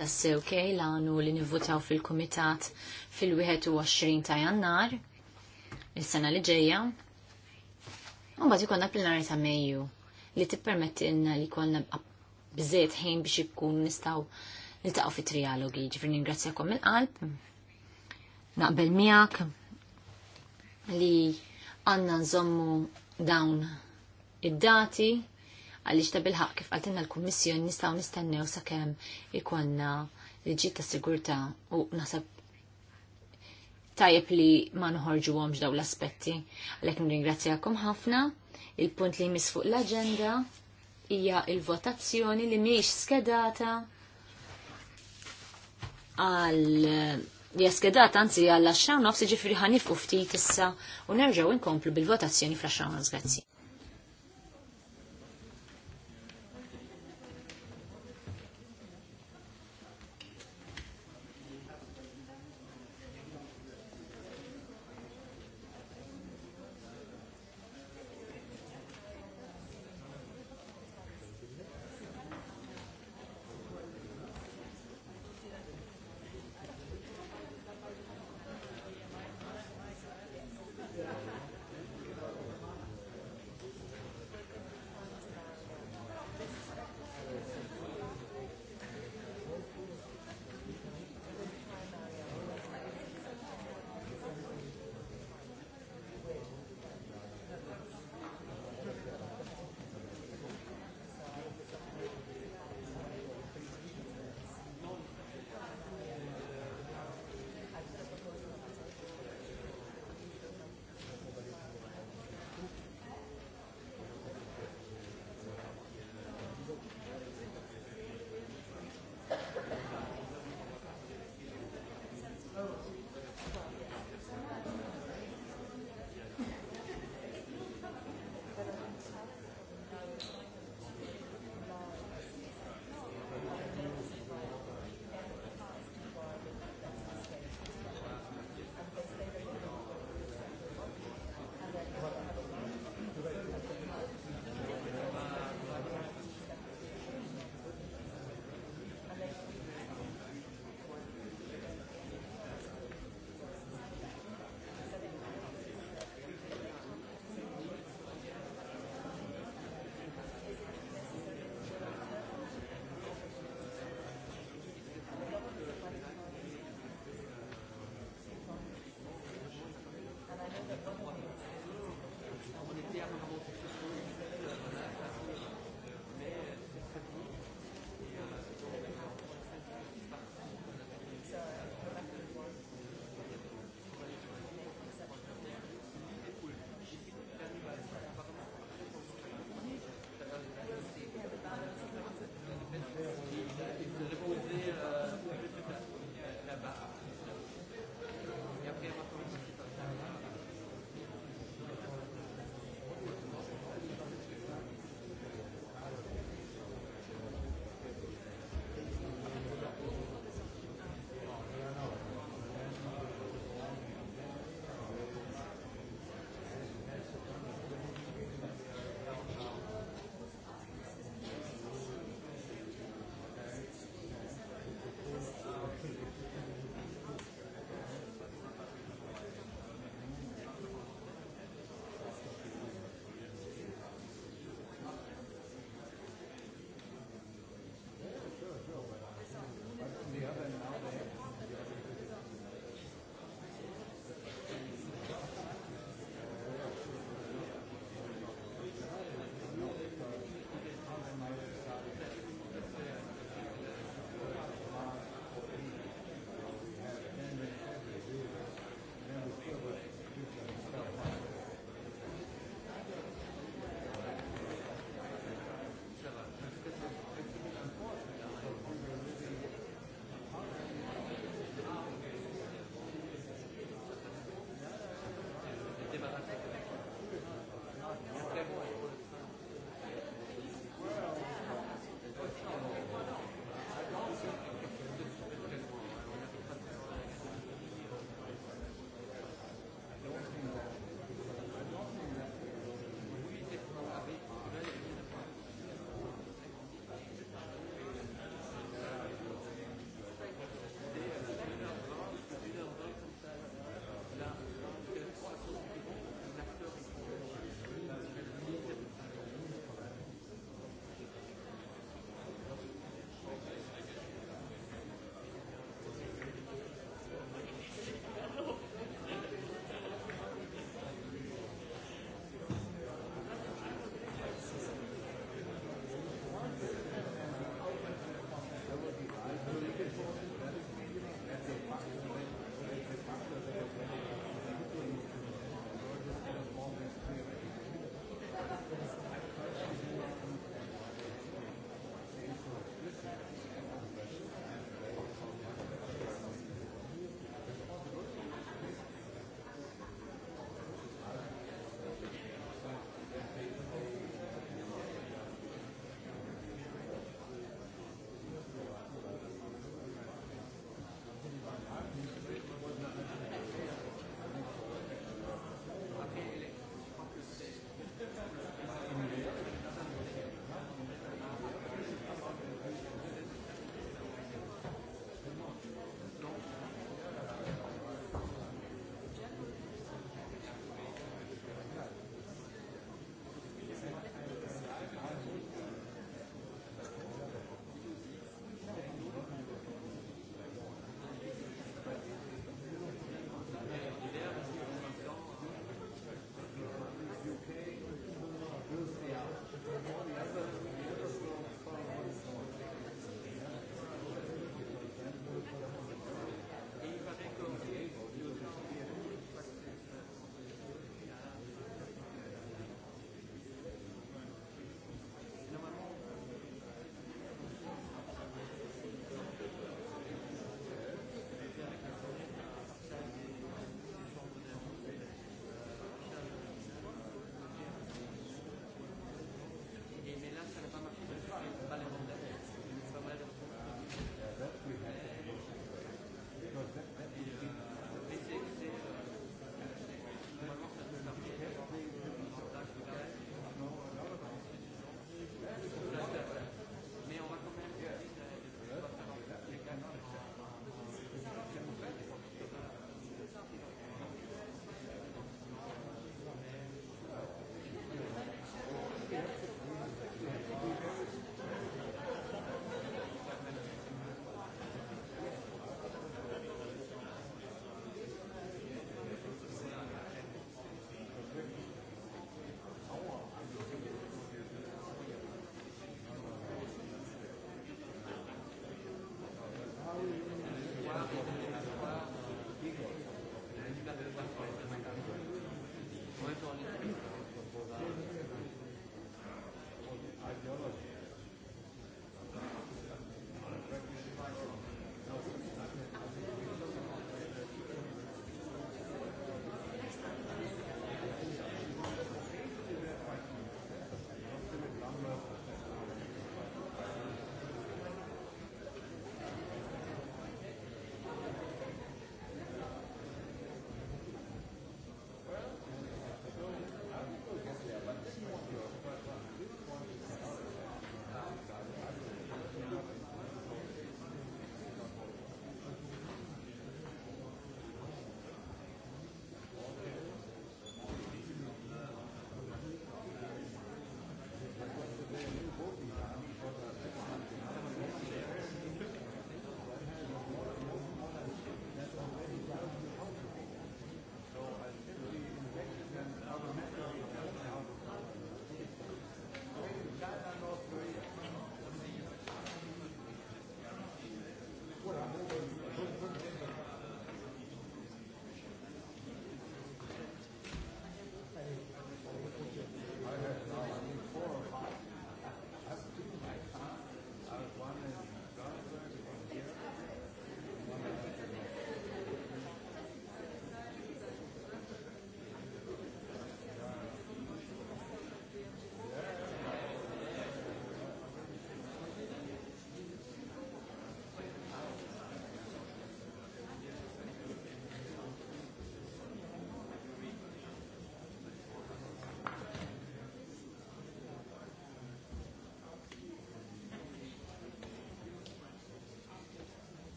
Tassew kej lanu li nivvutaw fil-Kumitat fil-21 ta' Jannar il-sena li ġejja. U bad ikonna plenari ta' Mejju li tippermettilna li kollna bżiet ħin biex ikun nistaw niltaqgħu fit trialogi. Ġifri ningrazzjakom mill-qalb, naqbel miegħek li għandna nżommu dawn id-dati għaliex ta' bilħaq kif għaltinna l-Kummissjoni nistgħu nistennew sakemm ikollna l-ġid ta' sigurtà u naħseb tajjeb li ma nħorġu dawn daw l-aspetti. Għalek nringrazzjakom ħafna. Il-punt li jmiss fuq l-agenda hija il-votazzjoni li mhijiex skedata għal hija skedata anzi għall-10 nofsi ġifri ħanifqu ftit issa u nerġgħu inkomplu bil-votazzjoni fl-10 grazzi.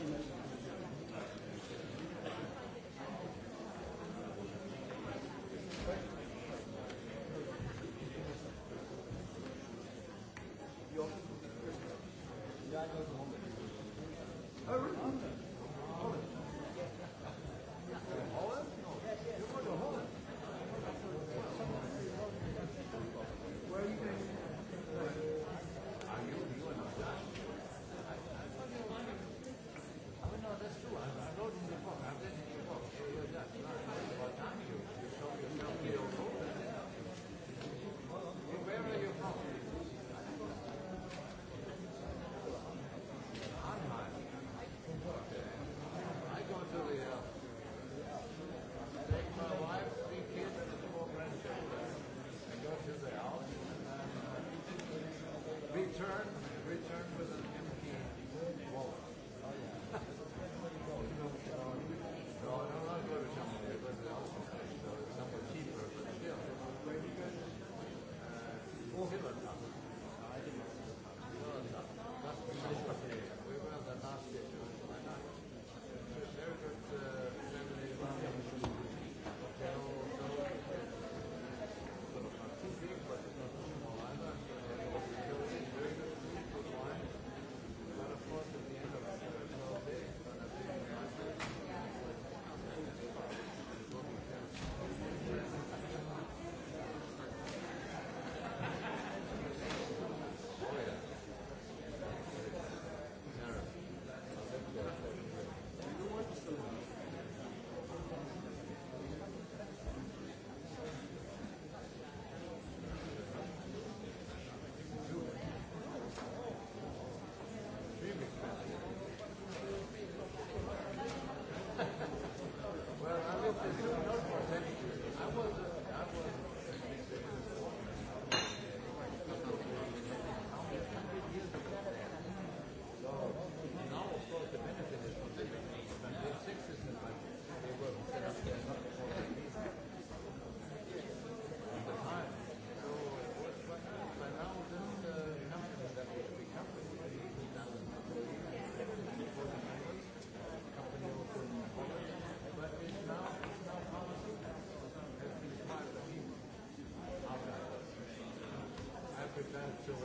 Thank you.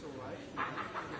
Thank you so much.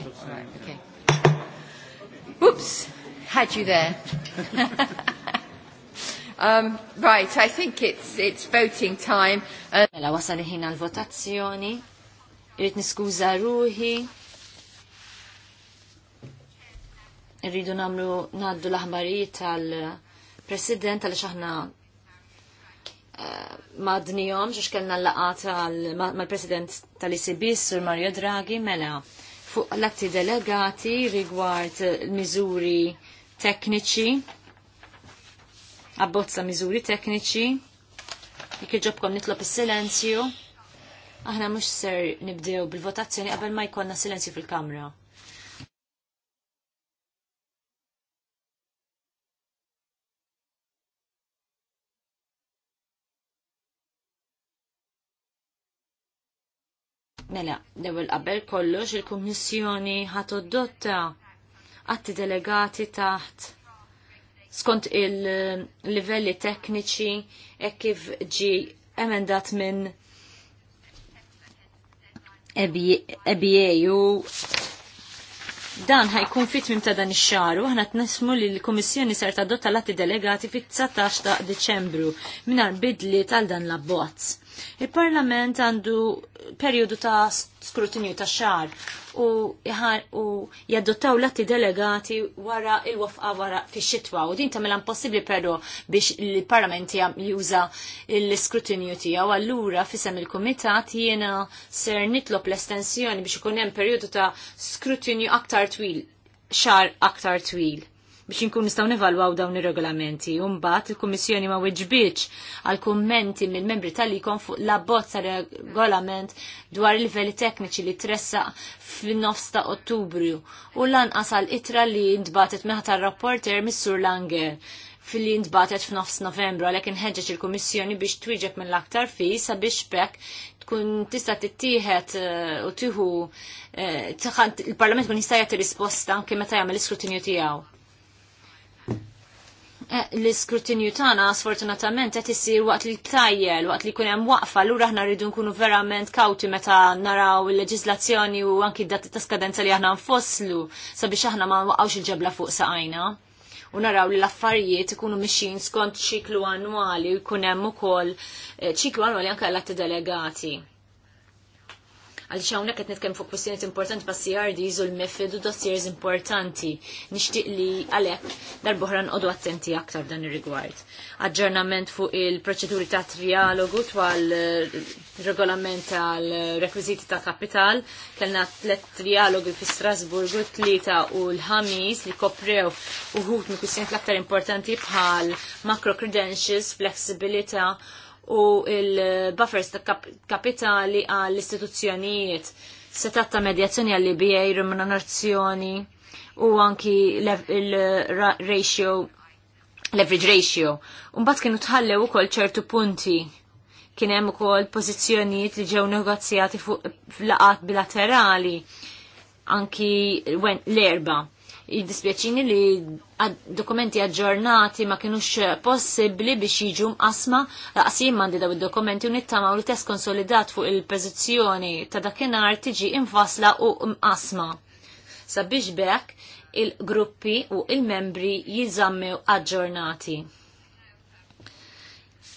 Okay, okay. Whoops, had you there. um, right, I think it's, it's voting time. Uh, mela wasal ħin għal-votazzjoni. Irrit niskuża ruħi. Irridu namlu naddu l-aħbarijiet tal-President għal xaħna eh, madnijom x'iex kellna l-laqata mal-President tal-ICB, Sur Mario Draghi, mela fuq l-atti delegati rigward miżuri tekniċi, abbozza miżuri tekniċi, jek iġobkom nitlob is-silenzju, aħna mhux ser nibdew bil-votazzjoni qabel ma jkollna silenzju fil-kamra. Mela, l-ewwel qabel kollox il-Kummissjoni ħat adotta atti delegati taħt skont il-livelli tekniċi e kif ġi emendat minn EBA u dan ħajkun fit mim ta' dan ix-xahar u aħna tnismu li l-Kummissjoni ser tadotta l-atti delegati fit-19 ta' Deċembru mingħajr bidli tal dan l-abbozz. Il-Parlament għandu periodu ta' skrutinju ta' xar u, u jaddottaw latti delegati wara il-wafqa wara fi xitwa u din tamela impossibli pero biex il-Parlament juża l-skrutinju tiegħu allura fisem il-Kumitat jiena ser nitlob l-estensjoni biex ikun hemm periodu ta' skrutinju aktar twil xar aktar twil biex inkun nistgħu nevalwaw dawn ir-regolamenti. U mbagħad il-Kummissjoni ma weġbitx għal kummenti mill-membri tal-ikon fuq l bozza regolament dwar il livelli tekniċi li tressa fin-nofs ta' Ottubru u lanqas għal itra li ntbatet meħta rapporter Missur Langer fil-li jintbatet f'nofs novembru, għalek nħedġeċ il kummissjoni biex twiġek mill-aktar fi sabiex pek tkun tista' tittieħed eh, u tieħu eh, il-Parlament kun jista' jagħti risposta anke meta jagħmel l-iskrutinju tiegħu. Eh, l-iskrutinju tagħna sfortunatament qed issir waqt li tajjel, waqt li jkun hemm waqfa, lura aħna rridu nkunu verament kawti meta naraw il leġislazzjoni u anki dat ta' skadenza li aħna nfosslu sabiex aħna ma nwaqgħux il-ġebla fuq saqajna. U naraw li l-affarijiet ikunu mixin skont ċiklu annwali u jkun hemm ukoll eh, ċiklu annwali anke għall delegati għal xawna qed nitkellem fuq kwestjoniet importanti pa' CRDs u l-mifid u dossiers importanti. Nixtieq li għalhekk darb'oħra nqogħdu attenti aktar dan ir-rigward. Aġġornament fuq il-proċeduri ta' trialogu twal eh, regolament tal rekwiżiti ta' kapital, kellna tliet trialogi fi Strasburgu, tlieta u l-ħamis li koprew uħut mi kwistjoniet l-aktar importanti bħal macro credentials, flexibilita' u il-buffers ta' kapitali għall istituzzjonijiet setat ta' medjazzjoni għalli bijaj remunerazzjoni u anki il-ratio leverage ratio. Umbat kienu tħallew ukoll ċertu punti kien hemm ukoll pożizzjonijiet li ġew negozjati fuq laqat bilaterali anki l-erba. Jiddispjaċini li dokumenti aġġornati ma kienux eh, possibbli biex jiġu mqasma laqsim mandi daw id-dokumenti u nittama test konsolidat fuq il-pożizzjoni ta' dakinhar tiġi infasla u mqasma. Sabiex bekk il-gruppi u il-membri jizammew aġġornati.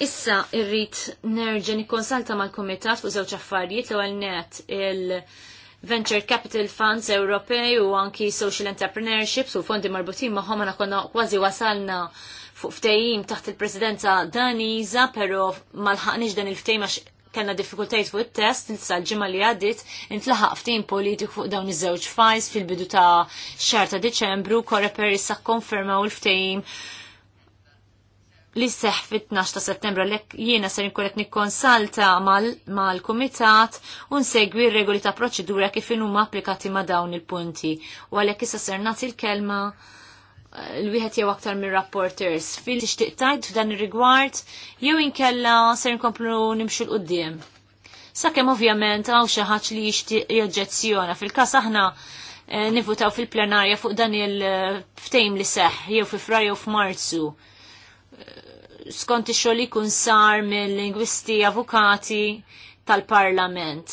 Issa irrit nerġa' nikkonsalta mal-kumitat fuq żewġ affarijiet l-ewwel net il- venture capital funds Ewropej u anki social entrepreneurships u fondi marbutin maħom għana konna kważi wasalna fuq ftejim taħt il-presidenza Daniza, pero malħaqnix dan il-ftejim għax kellna diffikultajt fuq it-test, nisa l-ġimma li għaddit, intlaħaq ftejim politiku fuq dawn iż-żewġ fajs fil-bidu ta' xar ta' Deċembru, korreper issa konfermaw il-ftejim li seħ fit-12 ta' settembru lek jiena ser inkollet nikkonsalta mal-kumitat u nsegwi r-regoli ta' proċedura kif huma applikati ma' dawn il-punti. U għalhekk issa ser nagħti l-kelma eh, l-wieħed jew aktar minn rapporters fil tixtieq tajt f'dan ir-rigward jew inkella ser inkomplu nimxu l qudiem Sakemm ovvjament hawn xi ħadd li jixtieq joġġezzjona fil-każ aħna eh, nivutaw fil-plenarja fuq dan il-ftejm eh, li seħ jew fi frar jew f'Marzu skont xoli kun sar mill-lingwisti avukati tal-Parlament.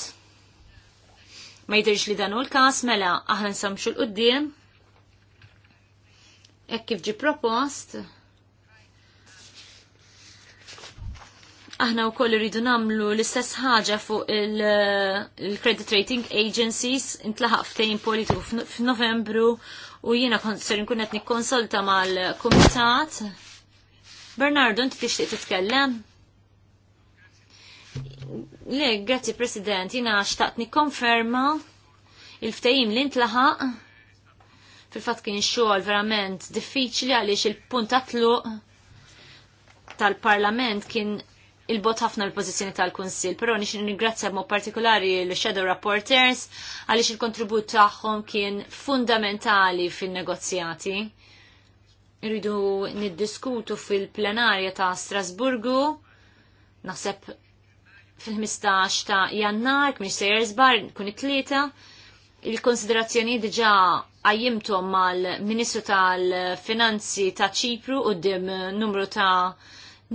Ma jidirx li dan hu l-każ mela aħna samxu l-qudiem Ek kif ġi propost. aħna u koll rridu namlu l-istess ħaġa fuq il-Credit Rating Agencies intlaħaq ftejn politiku f'Novembru u jiena kont nkun qed nikkonsulta mal-Kumitat Bernardo, inti tixtieq titkellem? Le, grazzi President, jina xtaqt nikkonferma il-ftajim li ntlaħaq fil-fat kien xogħol verament diffiċli għaliex il-punt tluq tal-Parlament kien il-bot ħafna l-pozizjoni tal-Kunsil, però nix ningrazzja b'mod partikolari l-Shadow Rapporters għaliex il-kontribut tagħhom kien fundamentali fin-negozjati Irridu niddiskutu fil-plenarja ta' Strasburgu, naħseb fil-15 ta' jannar, kmin se jersbar, kun it-tlieta, il-konsiderazzjoni diġa għajimtom mal-Ministru tal-Finanzi ta' ċipru u dim numru ta'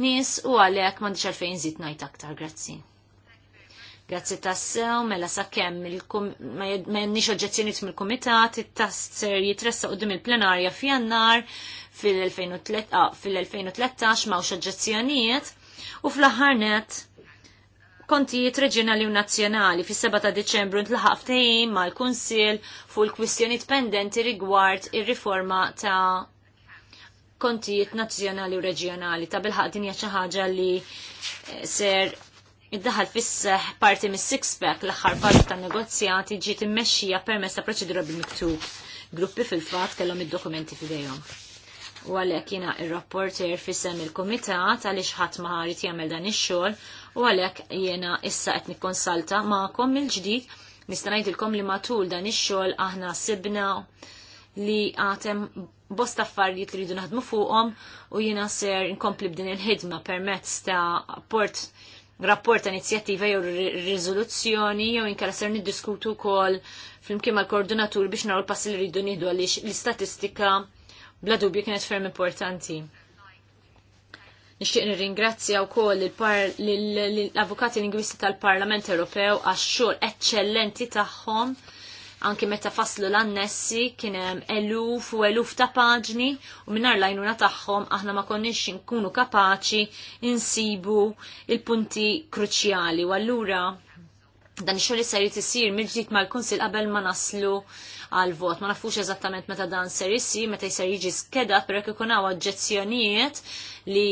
nis u għalek mandiċ għalfejn zit najt aktar, grazzi. Grazzi tassew, mela sa' kem, ma' jennix oġġezzjonijiet mill-komitat, it-tast ser jitressa u dim il-plenarja f'jannar, Ah, fil-2013 fil oġġezzjonijiet u fl-aħħar net kontijiet reġjonali u nazzjonali fis 7 ta' Deċembru ntlaħaq ftehim mal-Kunsill fuq il-kwistjoni pendenti rigward ir-riforma ta' kontijiet nazzjonali u reġjonali ta' bilħaq din hija xi ħaġa li eh, ser iddaħal fis-seħ parti mis-six pack l-aħħar parti tan negozjati ġiet immexxija permezz ta' proċedura bil-miktub. Gruppi fil-fatt kellhom id-dokumenti f'idejhom u għalhekk jina ir-rapporter fissem il-kumitat għaliex ħadd ma ħarid jagħmel dan ix-xogħol u għalhekk jiena issa qed nikkonsalta magħkom il ġdid nista' ngħidilkom li matul dan ix-xogħol aħna sibna li għatem bosta affarijiet li rridu naħdmu fuqhom u jiena ser inkompli b'din il-ħidma permezz ta' port rapport ta' inizjattiva jew riżoluzzjoni jew inkella ser niddiskutu wkoll flimkien mal-koordinatur biex naraw passi li rridu nieħdu għaliex l-istatistika bla dubju kienet ferm importanti. Nixtieq nirringrazzja wkoll l-avukati lingwisti tal-Parlament Ewropew għax-xogħol eċċellenti tagħhom anki meta faslu l-annessi kien hemm eluf u eluf ta' paġni u mingħajr l-għajnuna tagħhom aħna ma konniex nkunu kapaċi insibu il-punti kruċjali u allura dan ix-xogħol isir mill-ġdid mal-Kunsil qabel ma naslu għal vot. Ma nafux eżattament meta dan ser issi, meta jser jiġi skeda, perek ikun hawn oġġezzjonijiet li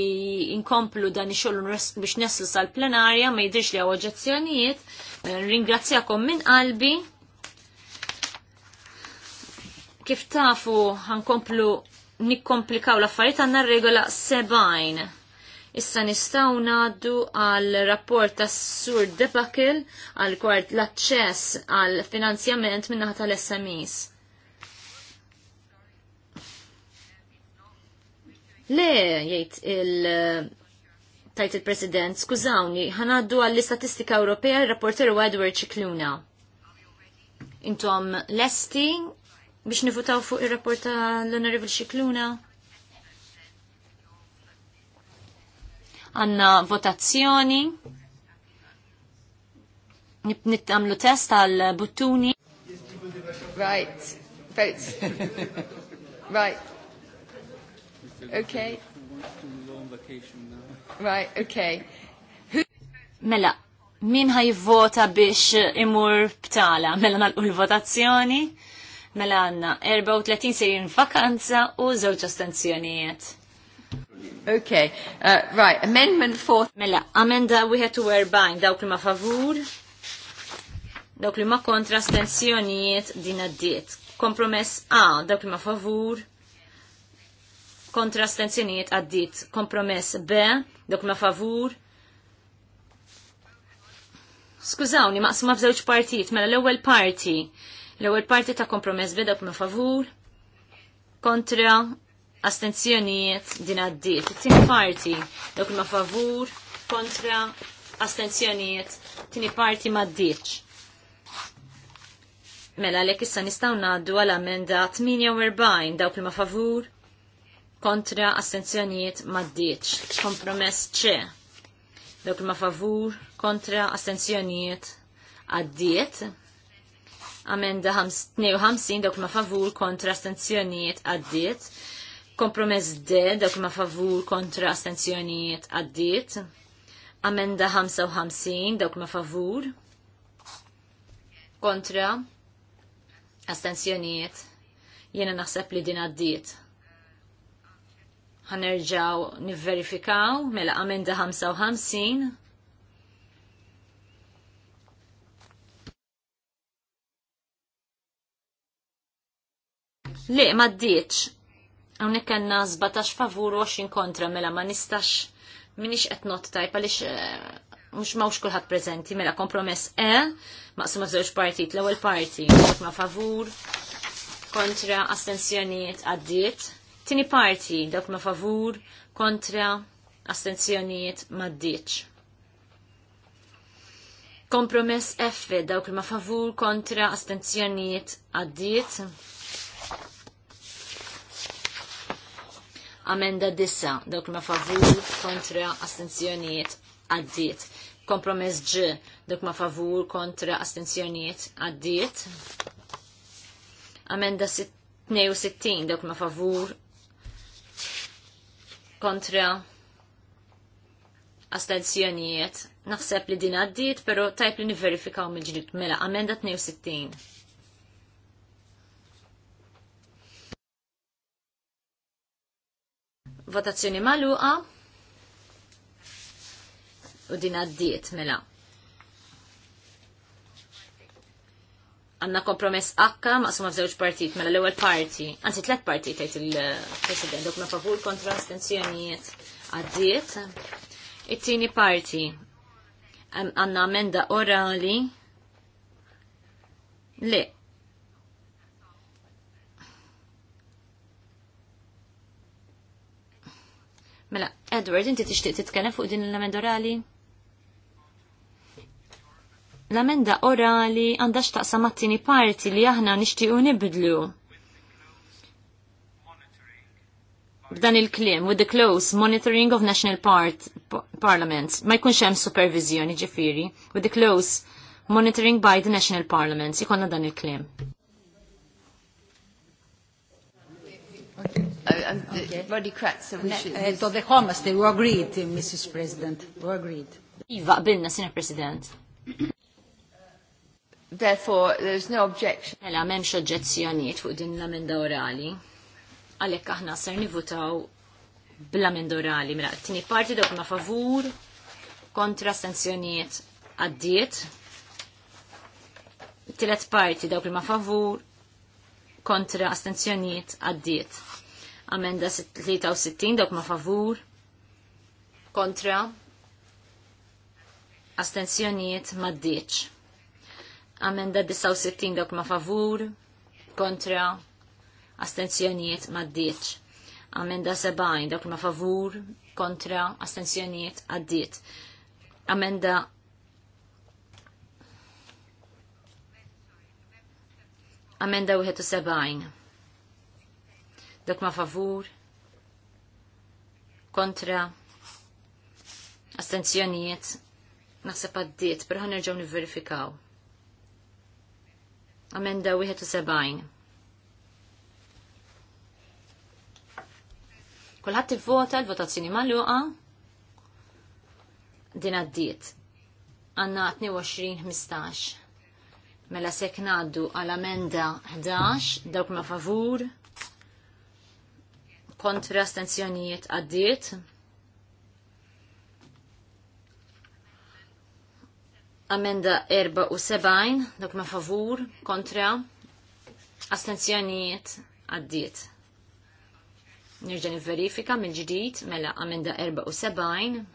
inkomplu dan ix-xogħol biex neslu sal-plenarja ma jidhirx li hawn oġġezzjonijiet. Eh, Ringrazzjakom minn qalbi. Kif tafu għankomplu nikkomplikaw l-affarijiet għandna regola sebajn Issa nistaw naddu għal rapport ta' Sur Debakil għal kwart l-access għal finanzjament minnaħa tal-SMEs. Le, jgħid il- tajt il-President, skużawni, ħanaddu għall-istatistika Ewropea il-rapporter Edward Cicluna. Intom lesti biex nifutaw fuq il-rapport tal-Honorable Cicluna? għanna votazzjoni. Nittamlu test għal buttuni. Right. Votes. right. Okay. Right, okay. Mela, min vota biex imur btala? Mela nalqu l-votazzjoni? Mela għanna 34 sejrin vakanza u żewġ astenzjonijiet. Okay, uh, right, amendment 4. Mela, amenda bind dawk li ma favur, dawk li ma kontra stensjonijiet din għaddiet. Kompromess A, dawk li ma favur, kontra stensjonijiet għaddiet. Kompromess B, dawk li ma favur. Skużawni, maqsma f'żewġ partijiet, mela l-ewwel parti. L-ewwel parti ta' kompromess B, dawk li ma favur, kontra astenzjonijiet din għaddiet. Tini parti dawk ma favur kontra astenzjonijiet tini parti ma ddiċ. Mela lek issa nistaw naddu għal amenda 48 dawk ma favur kontra astenzjonijiet ma ddiċ. Kompromess ċe. Dawk ma favur kontra astenzjonijiet għaddiet amenda 52 dawk ma favur kontra astenzjonijiet għaddiet, Kompromess de, dak ma favur kontra astenzjonijiet għaddit. Amenda 55, dawk ma favur. Kontra astenzjonijiet. Jena naħseb li din għaddiet. Għanerġaw nivverifikaw mela amenda 55. Le, ma ddiċ Hawnhekk għandna 17 favur u 20 kontra mela ma nistax minix qed tajp, għalix għaliex eh, mhux mawx kulħadd preżenti mela kompromess E maqsuma żewġ partit l-ewwel parti ma favur kontra astenzjoniet għaddiet. Tini parti dak ma favur kontra astenzjoniet maddiċ. Kompromess F dawk ma favur kontra astenzjonijiet għaddiet. Amenda dissa, dawk ma favur kontra astenzjoniet għaddiet. Kompromess ġ, dawk ma favur kontra astenzjonijiet għaddiet. Amenda 62, dawk ma favur kontra astenzjoniet. Naħseb li din għaddiet, pero tajp li niverifikaw mill mela. Amenda 62. Votazzjoni maluqa. U din għaddiet mela. Għanna kompromess akka maqsuma f'żewġ partit mela l-ewwel parti, anzi tliet parti tajt il-President dok ma favur kontra astenzjonijiet għaddiet. It-tieni parti għanna amenda orali. Le, Mela, Edward, inti tixtieq titkellem fuq din l-amenda orali? L-amenda orali għandha x'taqsam mat-tieni parti li aħna nixtiequ nibdlu. B'dan il-kliem, with the close monitoring of national part, parliaments, ma jkunx hemm supervizjoni ġifieri, with the close monitoring by the national parliaments, ikonna dan il-kliem. Okay body oh, To the eh, eh, agreed, eh, Mrs. President. agreed. Iva, bilna, Sina President. Therefore, there's no objection. Mela, memx oġġezzjoniet fuq din l-amenda orali. Għalek aħna ser nivutaw bl-amenda orali. Mela, t-tini parti dok ma favur, kontra sanzjoniet għaddiet. Tilet parti dawk li ma favur, kontra astenzjoniet għaddiet. Amenda 63 dok ma favur. Kontra. Astenzjonijiet ma ddiċ. Amenda 69 dok ma favur. Kontra. Astenzjonijiet ma ddiċ. Amenda 70 dok ma favur. Kontra. Astenzjonijiet għaddiet. Amenda Amenda 71. Dak ma favur. Kontra. Astenzjonijiet. Naħseb għaddiet, pero ħan nerġaw niverifikaw. Amenda 71. Kulħadd ivvota l-votazzjoni magħluqa din għaddiet. Għanna 22-15. Mela sekk ngħaddu għal amenda 11 dawk ma' favur kontra astenzjonijiet għaddiet. Amenda 74, dak ma favur, kontra, astenzjonijiet għaddiet. Nirġan verifika mill ġdid mela amenda 74.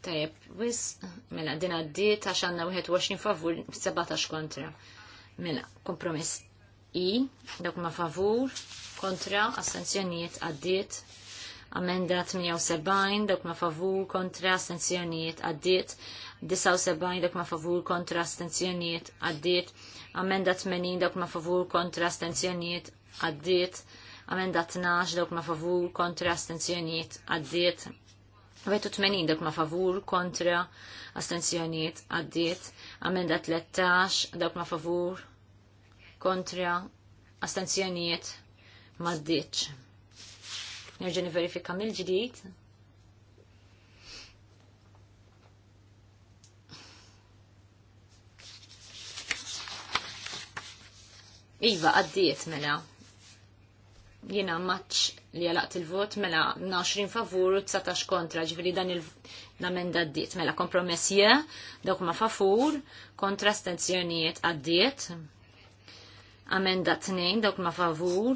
Tajab, wis, mela din għaddiet għax għanna 21 favur, 17 kontra. Mela, kompromiss I, dak ma favur, kontra, assenzjonijiet għaddiet. Amenda 78, dak ma favur, kontra, addiet, għaddiet. 79, dak ma favur, kontra, astenzjonijiet għaddiet. Amenda 80, dak ma favur, kontra, astenzjonijiet għaddiet. Amenda 12, dak ma favur, kontra, addiet. għaddiet. 80 dok ma favur kontra astenzjoniet għaddiet, amenda 13 dak ma favur kontra astenzjonijiet maddiċ. Nerġen verifika mill-ġdid. Iva, għaddiet mela. Jena maċ li għalaqt il-vot mela 20 favur u 19 kontra, ġifiri dan il-namenda għaddiet mela kompromessija, dawk ma favur, kontra stenzjonijiet għaddiet. Amenda t-nejn, dawk ma favur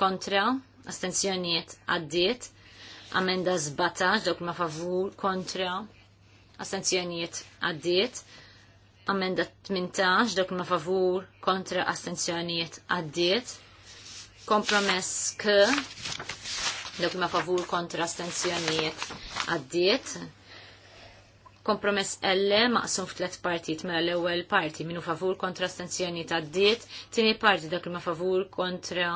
kontra astenzjonijiet għaddiet. Amenda 17 dawk ma favur kontra astenzjoniet għaddiet. Amenda 18 dawk ma favur kontra astenzjonijiet għaddiet. Kompromess k dawk ma favur kontra astenzjoniet għaddiet Kompromess L maqsum f'tlet partit mela l-ewwel parti minu favur kontra astenzjonijiet għaddiet, tieni parti dak ma favur kontra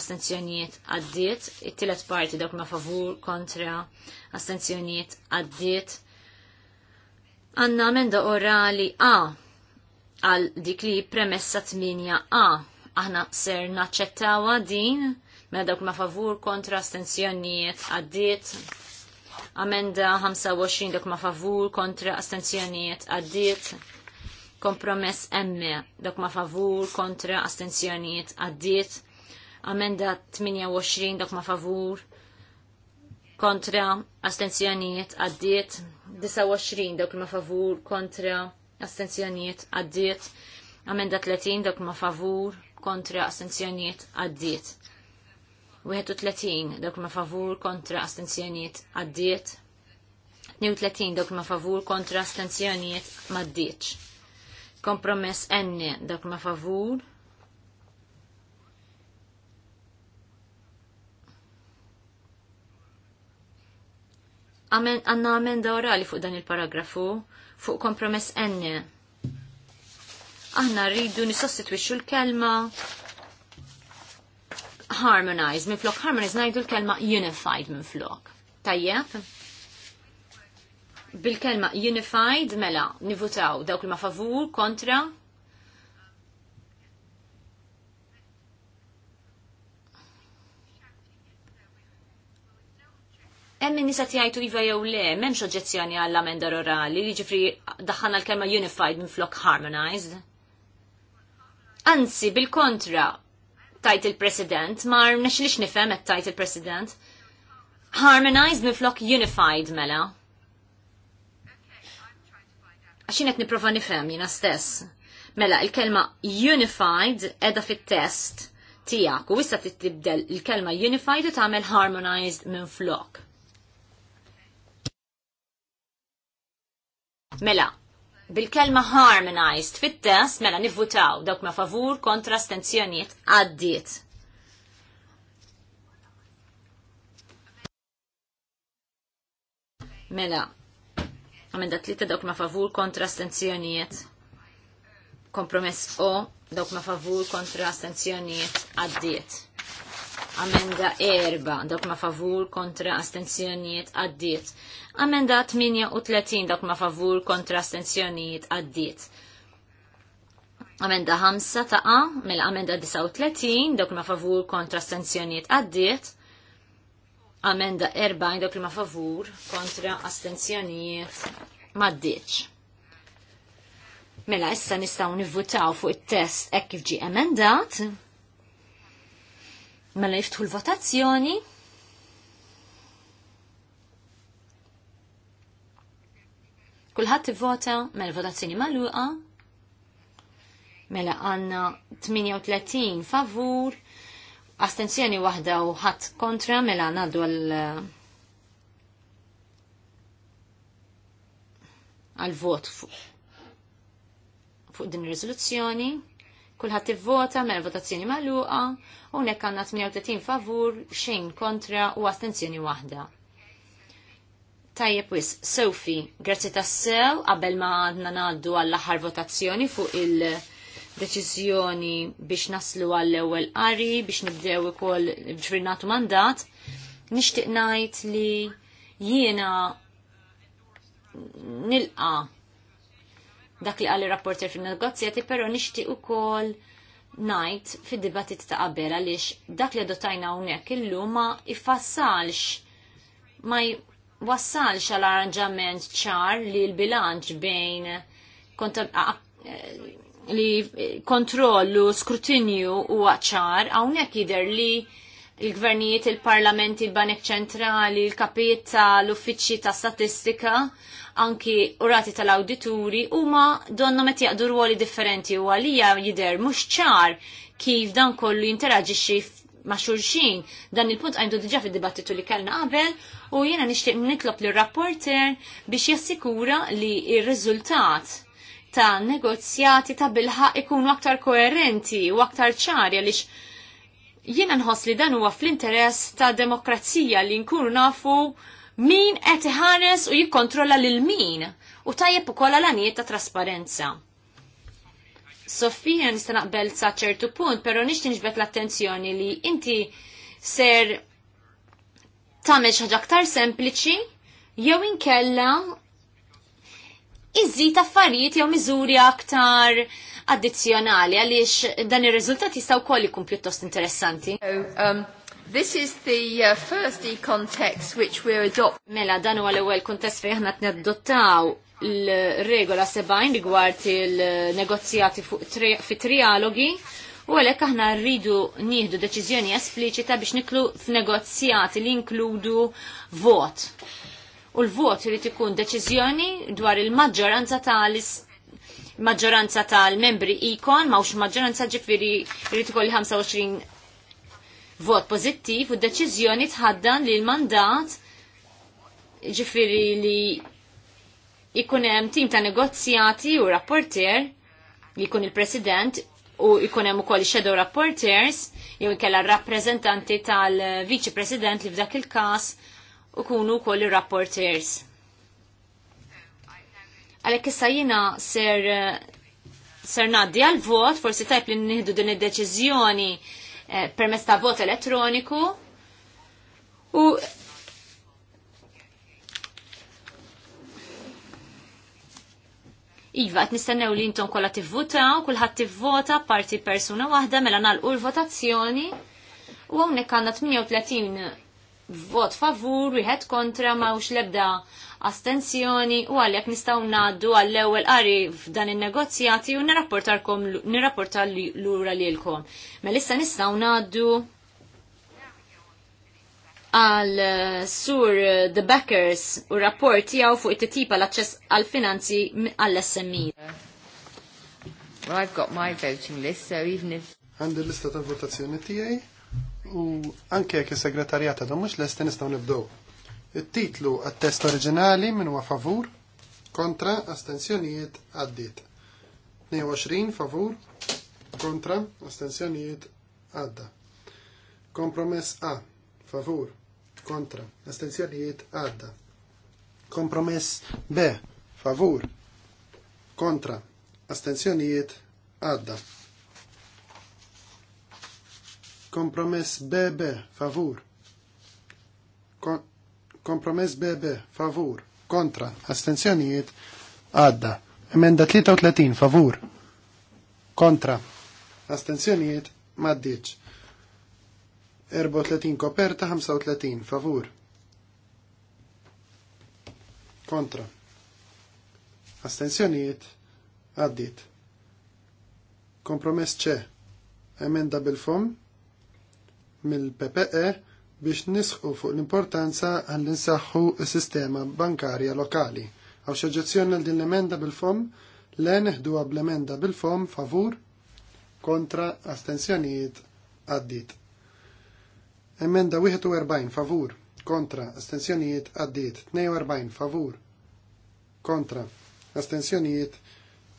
astenzjonijiet għaddiet, it-tielet parti dak ma favur kontra astenzjonijiet għaddiet. Għanna amenda orali A għal dik li premessa 8 A aħna ser naċċettawa din mela dak ma favur kontra astenzjonijiet għaddiet Amenda 25 dak ma favur kontra astenzjoniet għaddiet. Kompromess M dak ma favur kontra astenzjoniet għaddiet. Amenda 28 dak ma favur kontra astenzjoniet għaddiet. 29 dak ma favur kontra astenzjoniet għaddiet. Amenda 30 dak ma favur kontra astenzjoniet għaddiet. 31 dawk ma favur kontra astenzjonijiet għaddiet. 32 dawk ma favur kontra astenzjonijiet maddiċ. Kompromess N dawk ma favur għanna amenda orali fuq dan il-paragrafu fuq kompromess N. Aħna rridu nisostitwixxu l-kelma harmonize, minn flok harmonize najdu l-kelma unified minn flok. Tajjeb? Bil-kelma unified mela nivutaw dawk li ma favur, kontra, Emmin nisa tijajtu iva jew le, memx oġezzjoni għall amenda orali, li ġifri daħħana l-kelma unified minn flok harmonized. Anzi, bil-kontra, tajt il-president, ma nex lix nifem et tajt il-president. Harmonized miflok unified mela. Għaxin qed niprofa nifhem jiena stess. Mela il-kelma unified edha fit-test tiegħek u issa tibdel il-kelma unified u tagħmel harmonized minn flok. Mela, bil-kelma harmonized fit-test mela nivvutaw dawk ma favur kontra stenzjoniet għaddiet. Mela, għamenda tlita dawk ma favur kontra stenzjoniet. Kompromess o dawk ma favur kontra stenzjoniet għaddiet. Amenda erba' dak ma favur kontra astenzjonijiet għaddiet. Amenda 38 dak ma favur kontra astenzjonijiet għaddiet. Amenda 5 A, mill-amenda mela 39 dak ma favur kontra astenzjonijiet għaddiet. Amenda 40 dak ma favur kontra astenzjonijiet maddiċ. Mela issa nistgħu nivvutaw fuq it-test hekk kif ġie emendat. Mela jiftħu l-votazzjoni. Kulħadd ivvota mela votazzjoni magħluqa. Mela għandna 38 favur, astenzjoni waħda u ħadd kontra mela ngħaddu għal għal vot fuq fuq din ir-riżoluzzjoni. Kulħadd ivvota mela votazzjoni magħluqa u hekk għandna 38 favur, xejn kontra u astenzjoni waħda. Tajjeb wis, Sofi, grazzi tassew qabel ma għadna ngħaddu għall-aħħar votazzjoni fuq il- deċiżjoni biex naslu għall-ewwel qari biex nibdew ukoll biex nagħtu mandat, nixtieq ngħid li jiena nilqa' dak li għalli rapporter fin negozjati pero nishti u kol najt fid dibatit ta' qabel għaliex dak li adottajna unek illum ma ifassalx ma wassalx għal arranġament ċar li l-bilanċ bejn eh, li kontrollu skrutinju u għacċar għawnek jider li il-gvernijiet, il-parlamenti, il-banek ċentrali, il kapiet tal-uffiċċji ta' statistika, anki urati tal-awdituri, huma donna met jaqdu ruoli differenti u għalija jidher mhux ċar kif dan kollu jinteraġixxi ma' xulxin. Dan il-punt għajdu diġa fid-dibattitu li kellna qabel u jiena nixtieq nitlob li rapporter biex jassikura li il riżultat ta' negozjati ta' bilħaq ikunu aktar koerenti u aktar ċari għaliex Jiena nħoss li dan huwa fl-interess ta' demokrazija li nkunu nafu min qed iħares u jikkontrolla lil min u tajjeb ukoll għal ta' trasparenza. Sofija nista' naqbel sa' ċertu punt, però nixti nixbet l-attenzjoni li inti ser tagħmel xi ħaġa aktar sempliċi jew inkella iżżid affarijiet jew miżuri aktar addizzjonali għaliex dan ir-riżultat jistgħu wkoll ikun pjuttost interessanti. Um, this is the uh, first e-context which we're adopting. Mela, dan huwa l-ewwel kuntest fejn aħna nadottaw l-regola sebajn rigward il-negozjati fi trialogi u għalhekk aħna rridu nieħdu deċiżjoni espliċita biex niklu f'negozjati li inkludu vot. U l-vot irid ikun deċiżjoni dwar il-maġġoranza tal is maġġoranza tal-membri ikon, mawx maġġoranza ġifiri rrit ikolli 25 vot pozittiv u d-deċizjoni tħaddan li l-mandat ġifiri li ikunem tim ta' negozjati u rapporter li jkun il-president u ikunem hemm ukoll shadow rapporters jew kella rappreżentanti tal-viċi president li f'dak il-każ u wkoll ir-rapporters Għalhekk issa jiena ser ser naddi għal vot, forsi tajp li nihdu din id-deċiżjoni eh, permezz ta' vot elettroniku. U Iva, għat nistennew li jintom kolla tivvutaw, kullħat tivvota parti persuna wahda mela nal l-votazzjoni u għonek għanna 38 vot favur, wieħed kontra mawx lebda astensjoni u għalhekk nistgħu ngħaddu għall-ewwel qari f'dan in-negozjati u nirrapportarkom nirrapporta lura lilkom. Mela issa nistgħu ngħaddu għal eh, sur The Backers u rapport tiegħu fuq it tipa l-aċċess għal finanzi għall-SMI. E. Well, I've got my voting list, so even if... Għandi l-lista tal votazzjoni tiegħi, u anke jekk is-segretarjat għadhom mhux lesti nistgħu nibdew. It-titlu għat-test oriġinali minn huwa favur, kontra astensjonijiet għaddiet. 22 favur, kontra astensjonijiet għadda. Kompromess A, favur, kontra astensjonijiet għadda. Kompromess B, favur, kontra astensjonijiet għadda. Kompromess BB, favur. kompromess BB, favur. Kontra, astenzjonijiet, għadda. Emenda 33, favur. Kontra, astenzjonijiet, maddiċ. 34 koperta, 35, favur. Kontra. Astenzjonijiet, għaddit. Kompromess ċe. Emenda bil-fom, mill-PPE biex nisħu fuq l-importanza għall insaħħu s-sistema bankarja lokali. Għaw xaġġazzjoni għal din l-emenda bil-fom, len neħdu għab l-emenda bil-fom favur kontra astensjonijiet għaddit. Emenda 41 favur kontra astensjonijiet għaddit, 42 favur kontra astensjonijiet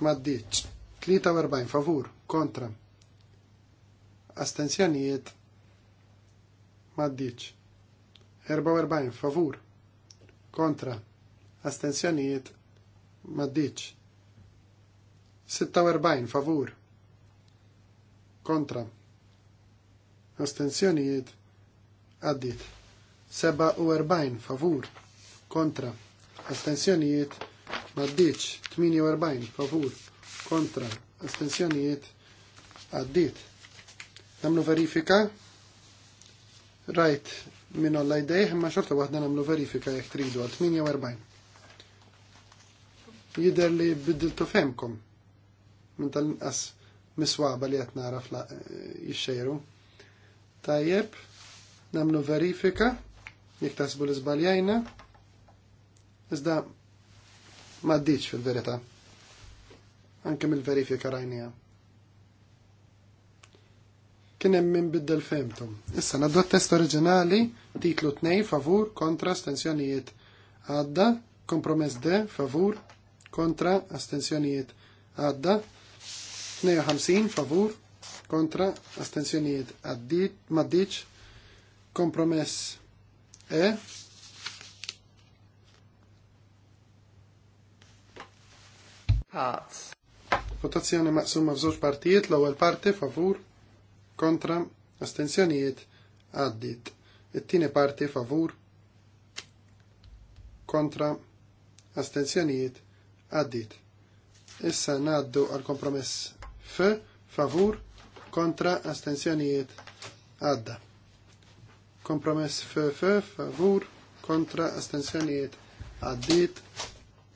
maddiċ, 43 favur kontra astensjonijiet maddiċ. 44 favur kontra astensjonijiet maddiċ. 46 favur kontra astensjonijiet Addit. 47 favur kontra astensjonijiet maddiċ. 48 favur kontra astensjonijiet Addit. Namlu verifika Rajt minn olla jdejħ, ma xorta waħda namlu verifika jek tridu għal 48. Jider li biddiltu femkom minn tal-inqas miswaba li qed nara eh, jixxejru. Tajjeb, namlu verifika jekk tasbu l izbaljajna Iżda ma fil-verità. Anke mill-verifika rajnija kien hemm min biddel femtum. Issa naddu test oriġinali, titlu tnej, favur kontra astensjonijiet għadda, kompromess D favur kontra astensjonijiet għadda, 52 favur kontra astensjonijiet għaddit maddiċ, kompromess E Votazzjoni maqsuma f'żewġ partijiet, l-ewwel parti favur kontra, astenzjonijiet għaddit. It-tieni parti favur, kontra, astenzjonijiet għaddit. Issa naddu għal kompromess f, favur, kontra, astenzjonijiet għadda. Kompromess f, f, favur, kontra, astenzjonijiet għaddit.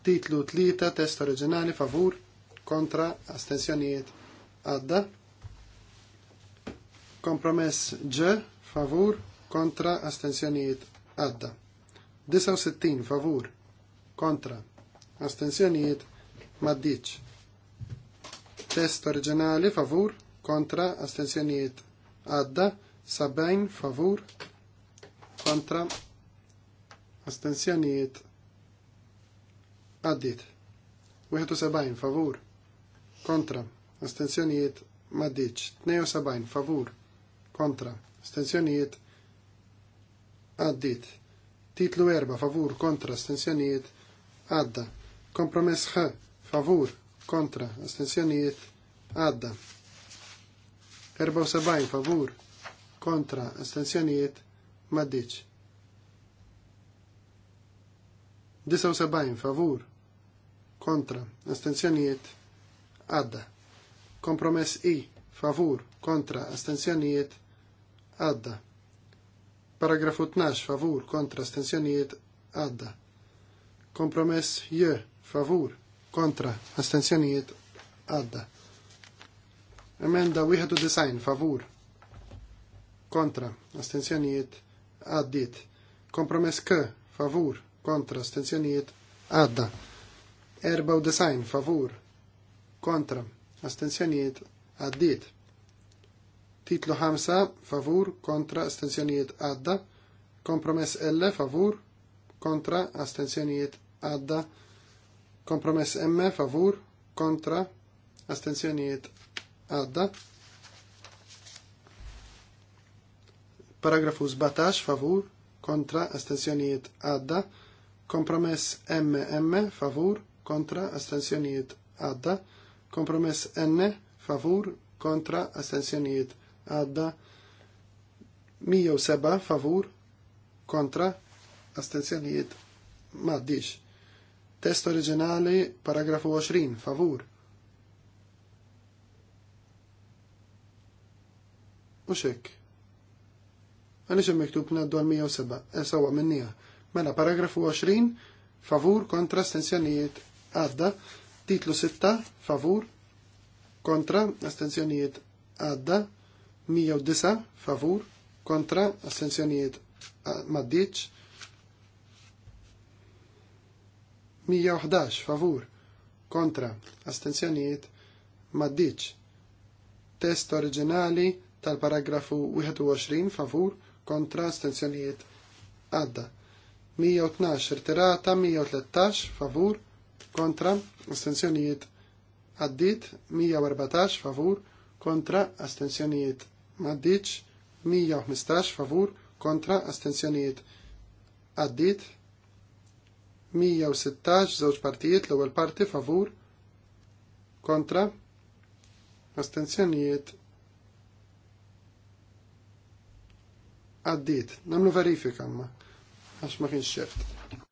Titlu tlita test oriġinali, favur, kontra, astenzjonijiet għadda. Kompromess G, favur, kontra, astensjonijiet għadda. 69, favur, kontra, astensjonijiet maddiċ. Test oriġinali, favur, kontra, astensjonijiet għadda. 70, favur, kontra, astensjonijiet għaddit. 71, favur, kontra, astensjonijiet maddiċ. 72, favur, kontra, kontra, stenzjonijiet, għaddit. Titlu erba' favur kontra, stenzjonijiet, għadda. Kompromess ħ, favur kontra, astenzjonijiet, għadda. 74 favur kontra, astenzjonijiet, maddiċ. 79 favur kontra, astenzjonijiet, għadda. Kompromess i, favur kontra, astenzjonijiet, għadda. Paragrafu 12 favur kontra astensjonijiet għadda. Kompromess J favur kontra astensjonijiet għadda. Emenda design favur kontra astensjonijiet għaddit. Kompromess K favur kontra astensjonijiet għadda. design favur kontra astensjonijiet għaddit. Titlu 5 favur kontra astenzjonijiet għadda. Kompromess L favur kontra astenzjonijiet għadda. Kompromess M favur kontra astenzjonijiet għadda. Paragrafu 17 favur kontra astenzjonijiet għadda. Kompromess M. favur kontra astenzjonijiet għadda. Kompromess N favur kontra astenzjonijiet għadda għadda 107 favur kontra astenzjonijiet maddix. Test oriġinali paragrafu 20 favur. U xek. Għalix miktub naddu għal 107, esawa minnija. Mela paragrafu 20 favur kontra astenzjonijiet għadda. Titlu 6 favur kontra astenzjonijiet għadda. 109 favur kontra assenzjonijiet maddiċ 111 favur kontra astenzjonijiet maddiċ test oriġinali tal-paragrafu 21 favur kontra astenzjonijiet għadda 112 irtirata 113 favur kontra astenzjonijiet għaddit 114 favur kontra astenzjonijiet maddiċ 115 favur kontra astenzjonijiet għaddit 116 żewġ partijiet l-ewwel parti favur kontra astenzjonijiet għaddit namlu verifika ma għax ma kienx xeft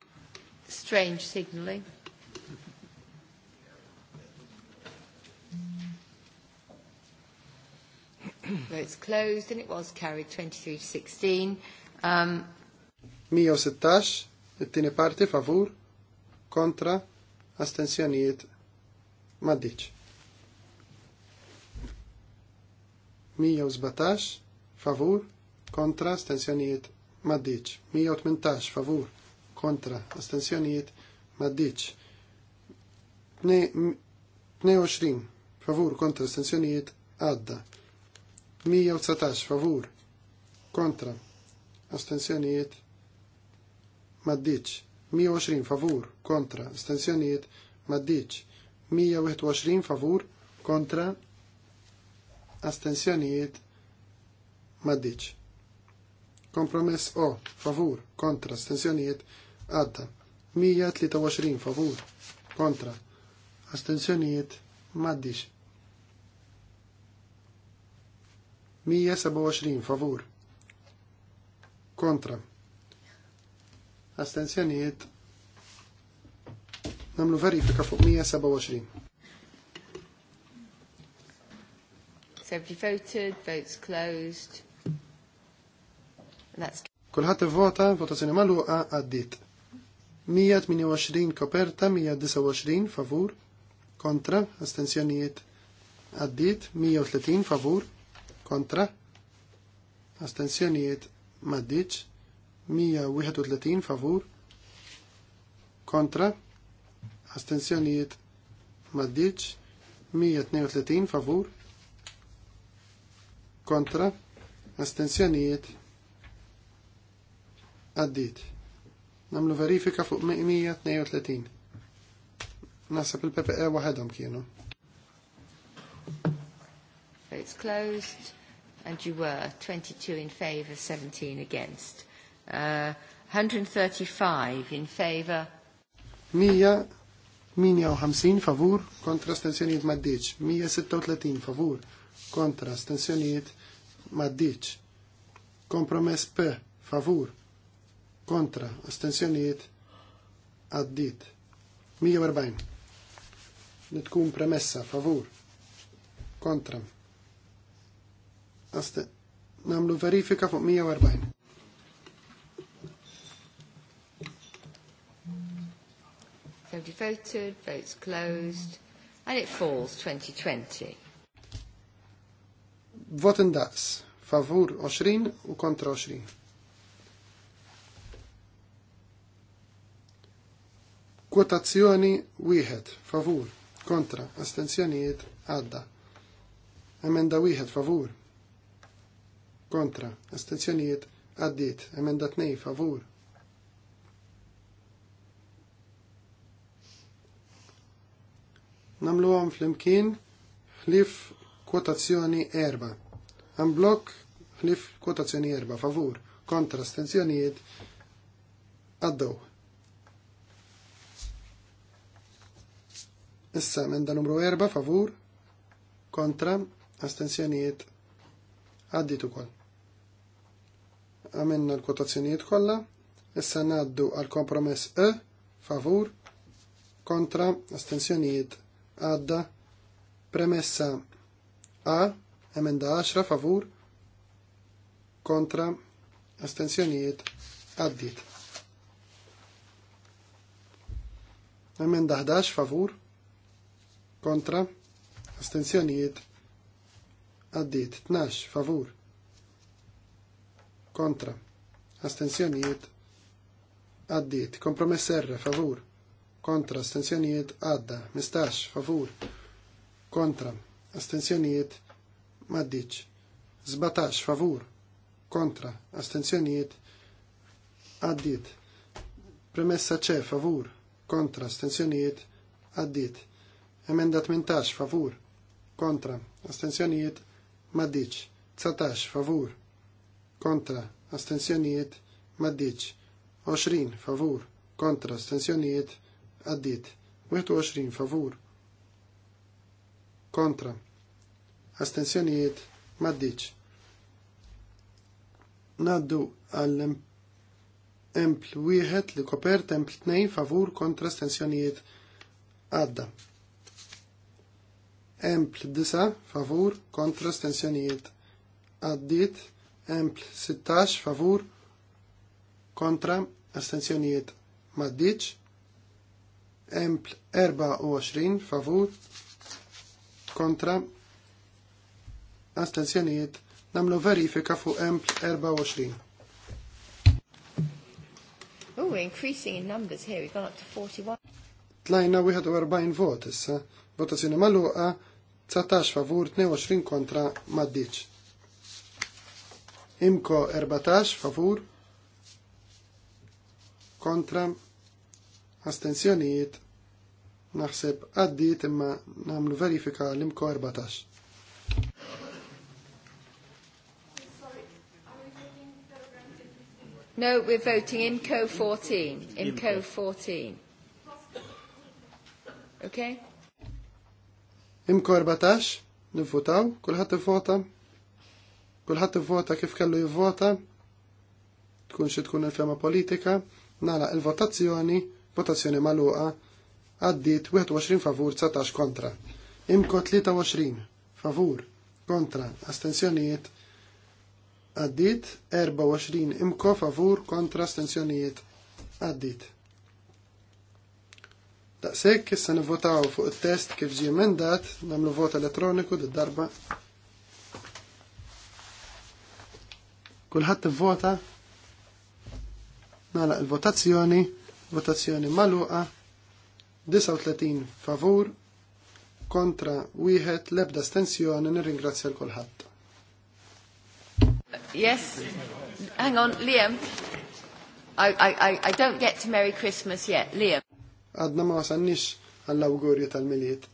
strange signaling Votes closed and it was carried 23 to 16. Um, 116, it-tini parti favur, kontra, astensjonijiet, maddiċ. 117, favur, kontra, astensjonijiet, maddiċ. 118, favur, kontra, astensjonijiet, maddiċ. 22, favur, kontra, astensjonijiet, għadda. 119 favur kontra astensjoniet maddiċ 120 favur kontra astensjoniet maddiċ 121 favur kontra astensjoniet maddiċ kompromess o favur kontra astensjoniet għadda 123 favur kontra astensjoniet maddiċ 127 favur. Kontra. Astenzjonijiet. Namlu verifika fuq 127. So you voted, votes closed. And that's... Kulħat vota, votazzjoni maluqa għaddit. 128 koperta, 129 favur, kontra, astenzjoniet. għaddit, 130 favur, kontra, astensjonijiet maddiċ, 131 favur, kontra, astensjonijiet maddiċ, 132 favur, kontra, astensjonijiet għaddit. Namlu verifika fuq 132. Nasab il-PPE waħedhom kienu. Votes closed. And you were 22 in favour, 17 against. Uh, 135 in favour. 158 favur kontra ma' maddiċ. 136 favur kontra ma' maddiċ. Kompromess P favur kontra astensjoniet għaddit. 140. Nitkun premessa favur kontra Aste, namlu verifika fuq e 140. Nobody voted, votes closed, and it falls 2020. Vot daqs. favur 20 u kontra 20. Kwotazzjoni wieħed, favur, kontra, astenzjonijiet, għadda. Emenda wieħed, favur, kontra, astenzjonijiet għaddit, emenda nej, favur. Namlu għom fl-imkien ħlif kwotazzjoni erba. Għam blok ħlif kwotazzjoni erba favur kontra astenzjonijiet għaddow. Issa emenda numru erba, favur kontra astenzjonijiet għaddit ukoll għamilna l-kwotazzjonijiet kollha, issa ngħaddu għal kompromess E, favur, kontra, astensjonijiet għadda, premessa A, emenda 10, favur, kontra, astensjonijiet għaddit. Emenda 11, favur, kontra, astensjonijiet għaddit. 12, favur, kontra, astensjonijiet għaddiet, kompromess R, favur, kontra, astensjonijiet għadda, mistax, favur, kontra, astensjonijiet maddiċ, Zbatax favur, kontra, astensjonijiet għaddiet, premessa C, favur, kontra, astensjonijiet għaddiet, emenda mintax, favur, kontra, astensjonijiet maddiċ, Zatax favur, kontra astensjonijiet maddiċ. 20 favur kontra astensjonijiet addit. 21 favur kontra astensjonijiet maddiċ. Naddu għall empl wieħed li kopert empl 2 favur kontra stensjonijiet għadda. Empl disa, favur kontra astensjonijiet għaddit. Empl 16 favur kontra astenzjonijiet maddiċ. Empl 24 favur kontra astenzjonijiet namlu verifika fu Empl 24. Oh, we're increasing in numbers here. We've gone up to 41. Tlajna 41 vot issa. Votazzjoni maluqa 19 favur, 22 kontra maddiċ. Imko 14 favur kontra astenzjonijiet naħseb għaddit imma namlu verifika l-imko 14. No, we're voting IMCO 14. IMCO 14. Okay? IMCO 14, nivvotaw, kullħat nivvota. Kulħadd ivvota kif kellu jivvota, tkun xi tkun il-fema politika, nala il-votazzjoni, votazzjoni magħluqa, għaddit 21 favur 19 kontra. Imko 23 favur kontra astensjonijiet għaddit 24 imko favur kontra astensjonijiet għaddit. Daqshekk issa nivvotaw fuq it-test kif ġie emendat, nagħmlu vot elettroniku d-darba Kulħadd ivvota. Nagħlaq il-votazzjoni, votazzjoni magħluqa. 39 favur kontra wieħed l-ebda stensjoni nirringrazzja l kulħadd. Yes, hang on, Liam. I, I, I don't get to Merry Christmas yet, Liam. Għadna ma wasannix għall-awgurju tal-miliet.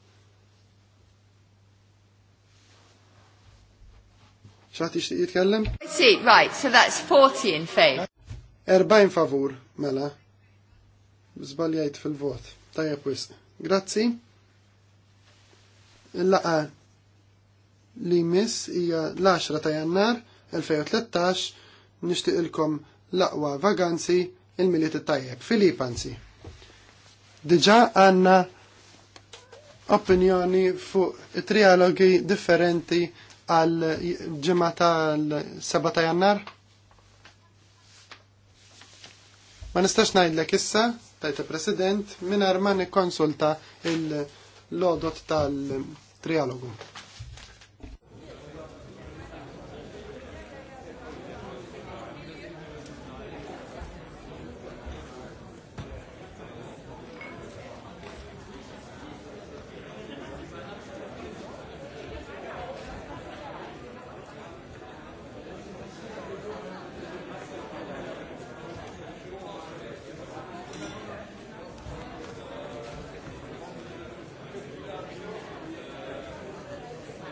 ċaħt ixtiq jitkellem? Si, right, so that's 40 in favor. Erba'jn favur, mela. Zbaljajt fil-vot. Tajja pwis. Grazzi. Il-laqa li mis hija l-10 ta' jannar 2013 nixtieq ilkom l-aqwa vaganzi il-miliet tajjeb. Filip anzi. Diġa għanna opinjoni fuq trialogi differenti għal ġimgħa l 7 ta' Jannar? Ma nistax ngħidlek issa, Tajta president minar ma nikkonsulta il-lodot tal-trialogu.